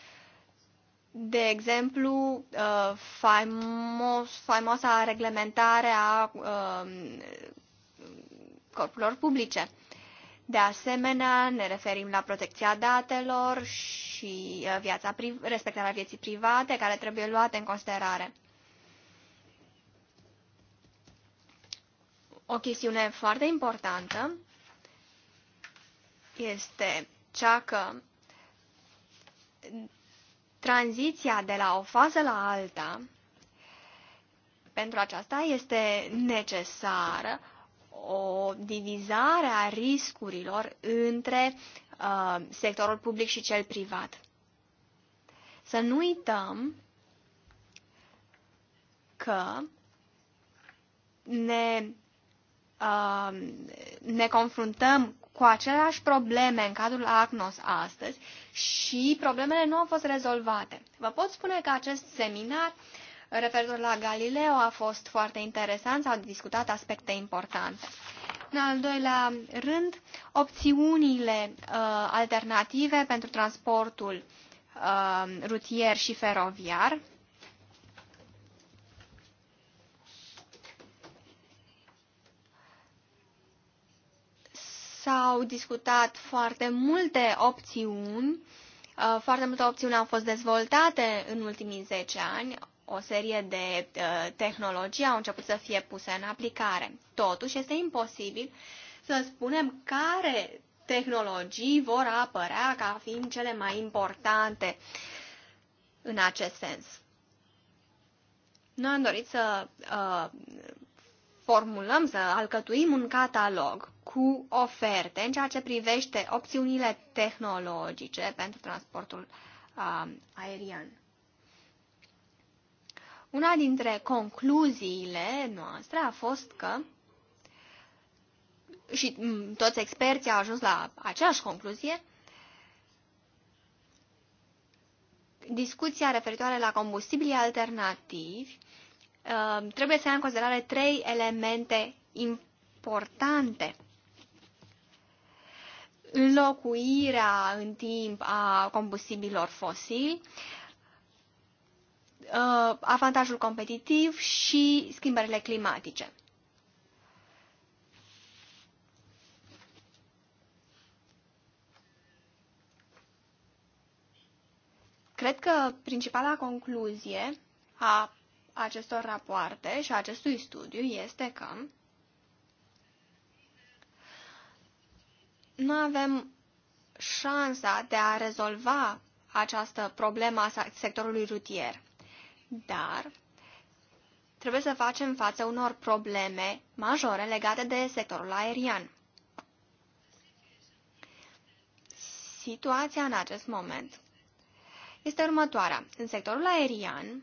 de exemplu, uh, faimos, faimoasa reglementare a um, corpurilor publice. De asemenea, ne referim la protecția datelor și uh, viața, respectarea vieții private, care trebuie luate în considerare. O chestiune foarte importantă este cea că tranziția de la o fază la alta, pentru aceasta este necesară o divizare a riscurilor între uh, sectorul public și cel privat. Să nu uităm că ne, uh, ne confruntăm cu aceleași probleme în cadrul ACNOS astăzi și problemele nu au fost rezolvate. Vă pot spune că acest seminar referitor la Galileo a fost foarte interesant, s-au discutat aspecte importante. În al doilea rând, opțiunile uh, alternative pentru transportul uh, rutier și feroviar. S-au discutat foarte multe opțiuni, uh, foarte multe opțiuni au fost dezvoltate în ultimii 10 ani, o serie de uh, tehnologii au început să fie puse în aplicare. Totuși, este imposibil să spunem care tehnologii vor apărea ca fiind cele mai importante în acest sens. Nu am dorit să uh, formulăm, să alcătuim un catalog cu oferte în ceea ce privește opțiunile tehnologice pentru transportul uh, aerian. Una dintre concluziile noastre a fost că și mm, toți experții au ajuns la aceeași concluzie, discuția referitoare la combustibilii alternativi Um, trebuie să ia în considerare trei elemente importante. Înlocuirea în timp a combustibilor fosili, uh, avantajul competitiv și schimbările climatice. Cred că principala concluzie a acestor rapoarte și a acestui studiu este că nu avem șansa de a rezolva această problemă a sectorului rutier, dar trebuie să facem față unor probleme majore legate de sectorul aerian. Situația în acest moment este următoarea. În sectorul aerian,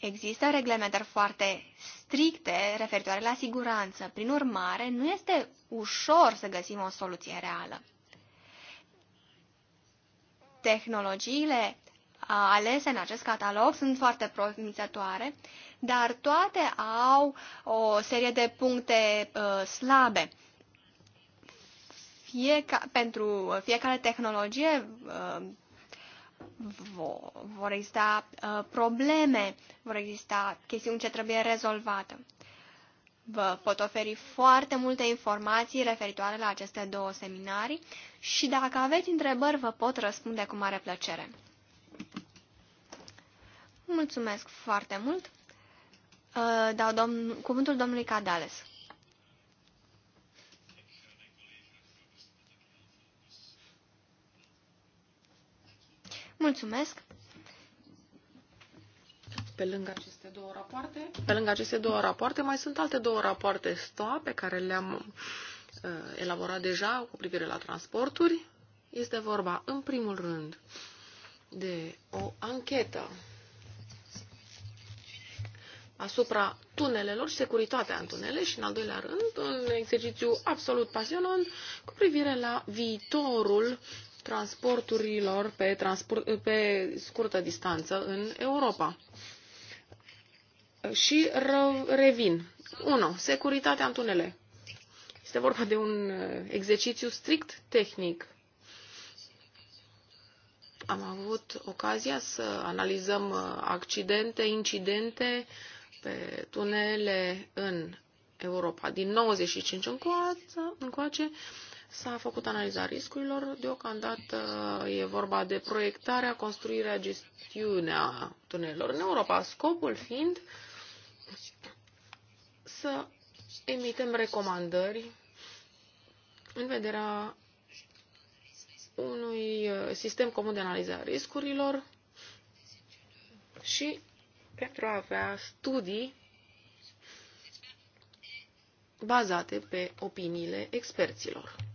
Există reglementări foarte stricte referitoare la siguranță. Prin urmare, nu este ușor să găsim o soluție reală. Tehnologiile alese în acest catalog sunt foarte promițătoare, dar toate au o serie de puncte uh, slabe. Fieca, pentru fiecare tehnologie uh, vor exista uh, probleme, vor exista chestiuni ce trebuie rezolvată. Vă pot oferi foarte multe informații referitoare la aceste două seminarii și dacă aveți întrebări, vă pot răspunde cu mare plăcere. Mulțumesc foarte mult. Uh, dau domn... cuvântul domnului Cadales. Mulțumesc! Pe lângă aceste două rapoarte, pe lângă aceste două rapoarte mai sunt alte două rapoarte STOA pe care le-am uh, elaborat deja cu privire la transporturi. Este vorba, în primul rând, de o anchetă asupra tunelelor și securitatea în tunele și, în al doilea rând, un exercițiu absolut pasionant cu privire la viitorul transporturilor pe, transport, pe scurtă distanță în Europa. Și revin. 1. Securitatea în tunele. Este vorba de un exercițiu strict tehnic. Am avut ocazia să analizăm accidente, incidente pe tunele în Europa din 95 încoace, încoace S-a făcut analiza riscurilor. Deocamdată e vorba de proiectarea, construirea, gestiunea tunelelor în Europa, scopul fiind să emitem recomandări în vederea unui sistem comun de analiză a riscurilor și pentru a avea studii bazate pe opiniile experților.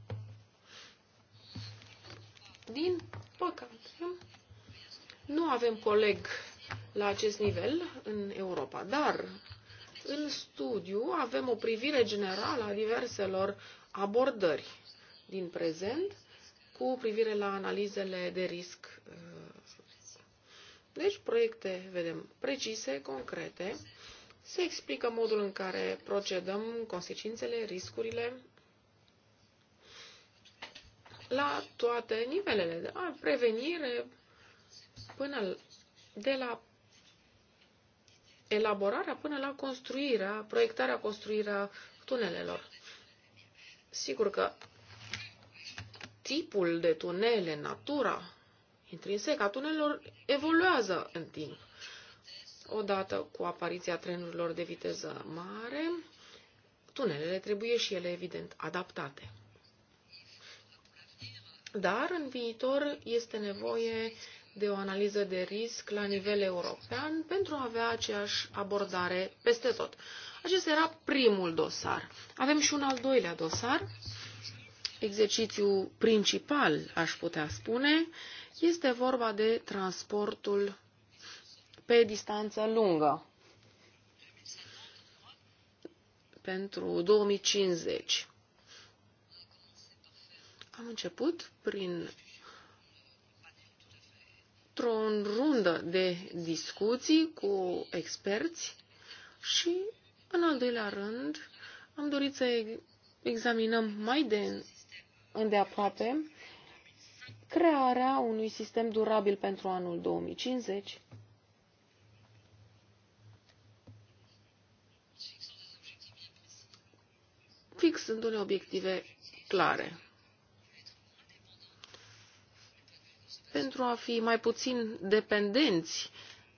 Din păcate, nu avem coleg la acest nivel în Europa, dar în studiu avem o privire generală a diverselor abordări din prezent cu privire la analizele de risc. Uh, deci proiecte, vedem, precise, concrete, se explică modul în care procedăm, consecințele, riscurile la toate nivelele, de la prevenire până de la elaborarea până la construirea, proiectarea, construirea tunelelor. Sigur că tipul de tunele, natura intrinsecă a tunelelor evoluează în timp. Odată cu apariția trenurilor de viteză mare, tunelele trebuie și ele, evident, adaptate. Dar în viitor este nevoie de o analiză de risc la nivel european pentru a avea aceeași abordare peste tot. Acesta era primul dosar. Avem și un al doilea dosar. Exercițiul principal, aș putea spune, este vorba de transportul pe distanță lungă pentru 2050. Am început prin o rundă de discuții cu experți și, în al doilea rând, am dorit să examinăm mai de îndeaproape crearea unui sistem durabil pentru anul 2050 fixându-ne obiective clare. pentru a fi mai puțin dependenți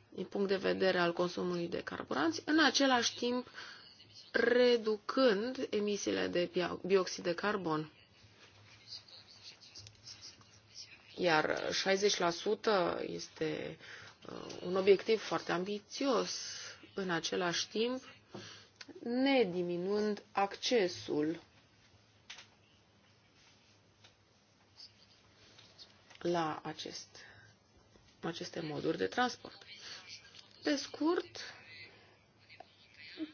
din punct de vedere al consumului de carburanți, în același timp reducând emisiile de bioxid de carbon. Iar 60% este uh, un obiectiv foarte ambițios, în același timp ne diminuând accesul la acest, aceste moduri de transport. Pe scurt,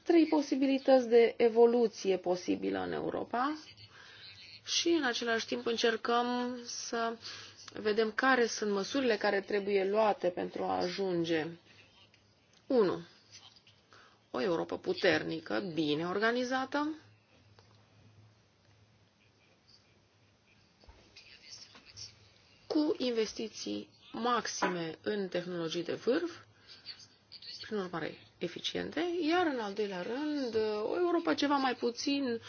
trei posibilități de evoluție posibilă în Europa și în același timp încercăm să vedem care sunt măsurile care trebuie luate pentru a ajunge 1. O Europa puternică, bine organizată, cu investiții maxime în tehnologii de vârf, prin urmare eficiente, iar în al doilea rând o Europa ceva mai puțin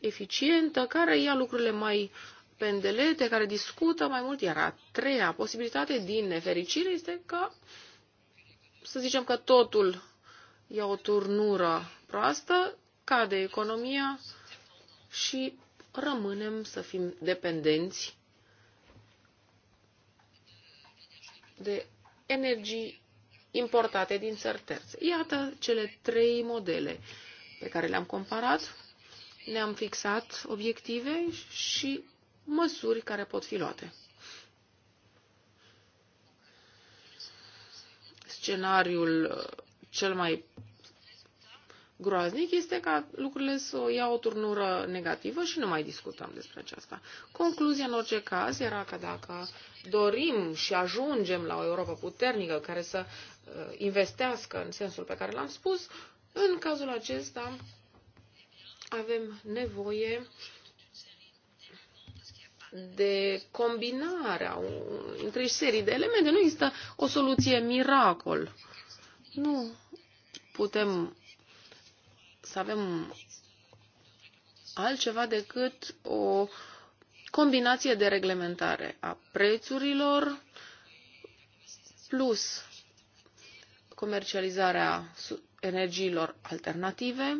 eficientă, care ia lucrurile mai pendelete, care discută mai mult, iar a treia posibilitate din nefericire este că, să zicem că totul ia o turnură proastă, cade economia și rămânem să fim dependenți de energii importate din țări terțe. Iată cele trei modele pe care le-am comparat, ne-am fixat obiective și măsuri care pot fi luate. Scenariul uh, cel mai groaznic este ca lucrurile să ia o turnură negativă și nu mai discutăm despre aceasta. Concluzia, în orice caz, era că dacă dorim și ajungem la o Europa puternică care să uh, investească în sensul pe care l-am spus, în cazul acesta avem nevoie de combinarea între serii de elemente. Nu există o soluție miracol. Nu putem să avem altceva decât o uh, combinație de reglementare a prețurilor plus comercializarea energiilor alternative,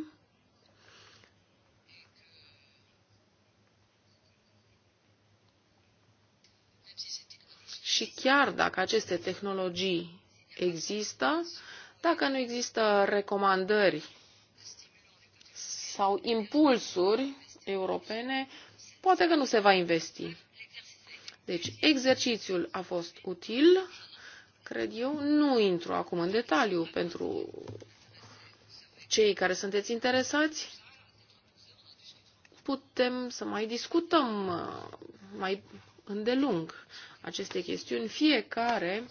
și chiar dacă aceste tehnologii există, dacă nu există recomandări sau impulsuri europene, poate că nu se va investi. Deci, exercițiul a fost util, cred eu. Nu intru acum în detaliu pentru cei care sunteți interesați. Putem să mai discutăm uh, mai îndelung aceste chestiuni. Fiecare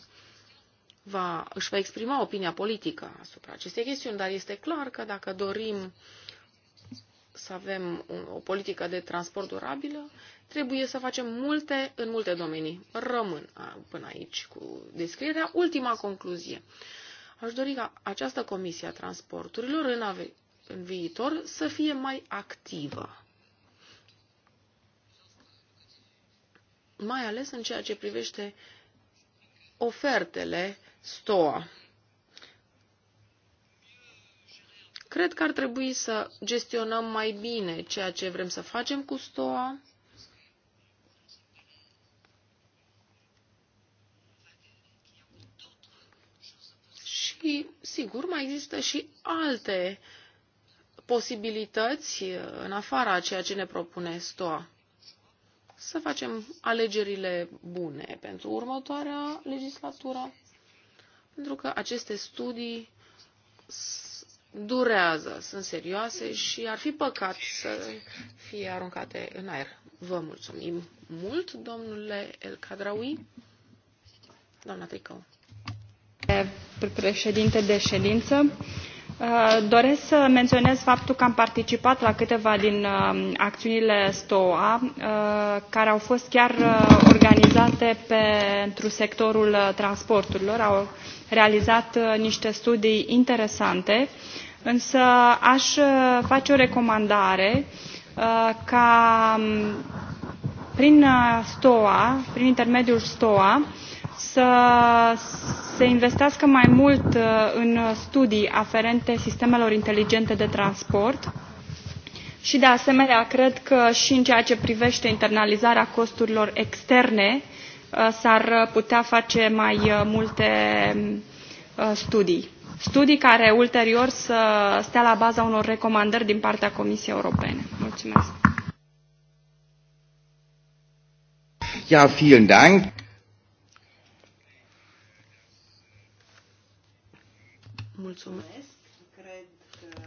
va, își va exprima opinia politică asupra acestei chestiuni, dar este clar că dacă dorim uh, să avem o politică de transport durabilă, trebuie să facem multe în multe domenii. Rămân până aici cu descrierea. Ultima concluzie. Aș dori ca această comisie a transporturilor în, ave- în viitor să fie mai activă. Mai ales în ceea ce privește ofertele STOA. Cred că ar trebui să gestionăm mai bine ceea ce vrem să facem cu STOA. Și, sigur, mai există și alte posibilități uh, în afara a ceea ce ne propune STOA. Să facem alegerile bune pentru următoarea legislatură, pentru că aceste studii durează, sunt serioase și ar fi păcat să fie aruncate în aer. Vă mulțumim mult, domnule El Cadraui. Doamna Tricău. Președinte de ședință, Uh, doresc să menționez faptul că am participat la câteva din um, acțiunile STOA, uh, care au fost chiar uh, organizate pentru sectorul transporturilor. Au realizat niște studii interesante, însă aș face o recomandare ca um, prin STOA, prin intermediul STOA, să se investească mai mult uh, în studii aferente sistemelor inteligente de transport și de asemenea cred că și în ceea ce privește internalizarea costurilor externe uh, s ar putea face mai uh, multe studii studii care ulterior să stea la baza unor recomandări din partea Comisiei Europene. Mulțumesc. Ja, vielen Dank. Mulțumesc. Cred că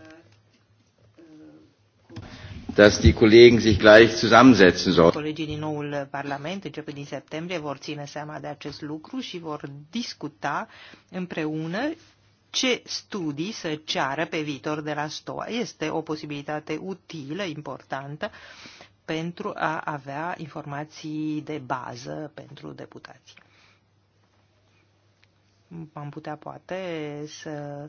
uh, dass die Kollegen sich gleich zusammensetzen sollen. Colegii din noul Parlament, începând din septembrie, vor ține seama de acest lucru și vor discuta împreună ce studii să ceară pe viitor de la STOA. Este o posibilitate utilă, importantă, pentru a avea informații de bază pentru deputații am putea poate să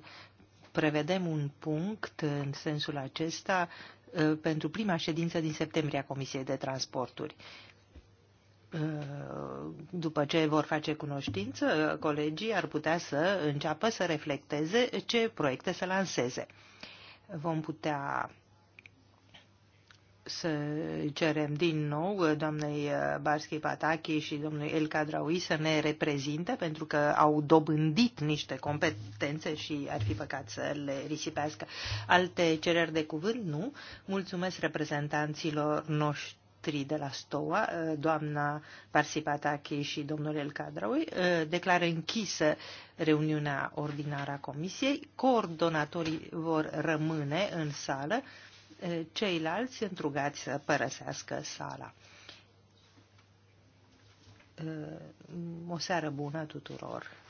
prevedem un punct în sensul acesta uh, pentru prima ședință din septembrie a Comisiei de Transporturi. Uh, după ce vor face cunoștință, colegii ar putea să înceapă să reflecteze ce proiecte să lanseze. Vom putea să cerem din nou uh, doamnei uh, Barski Pataki și domnului El Cadraui să ne reprezinte, pentru că au dobândit niște competențe și ar fi păcat să le risipească. Alte cereri de cuvânt? Nu. Mulțumesc reprezentanților noștri de la STOA, uh, doamna Parsipatache și domnul El Cadraui, declară închisă reuniunea ordinară a comisiei. Coordonatorii vor rămâne în sală ceilalți sunt rugați să părăsească sala. O seară bună tuturor!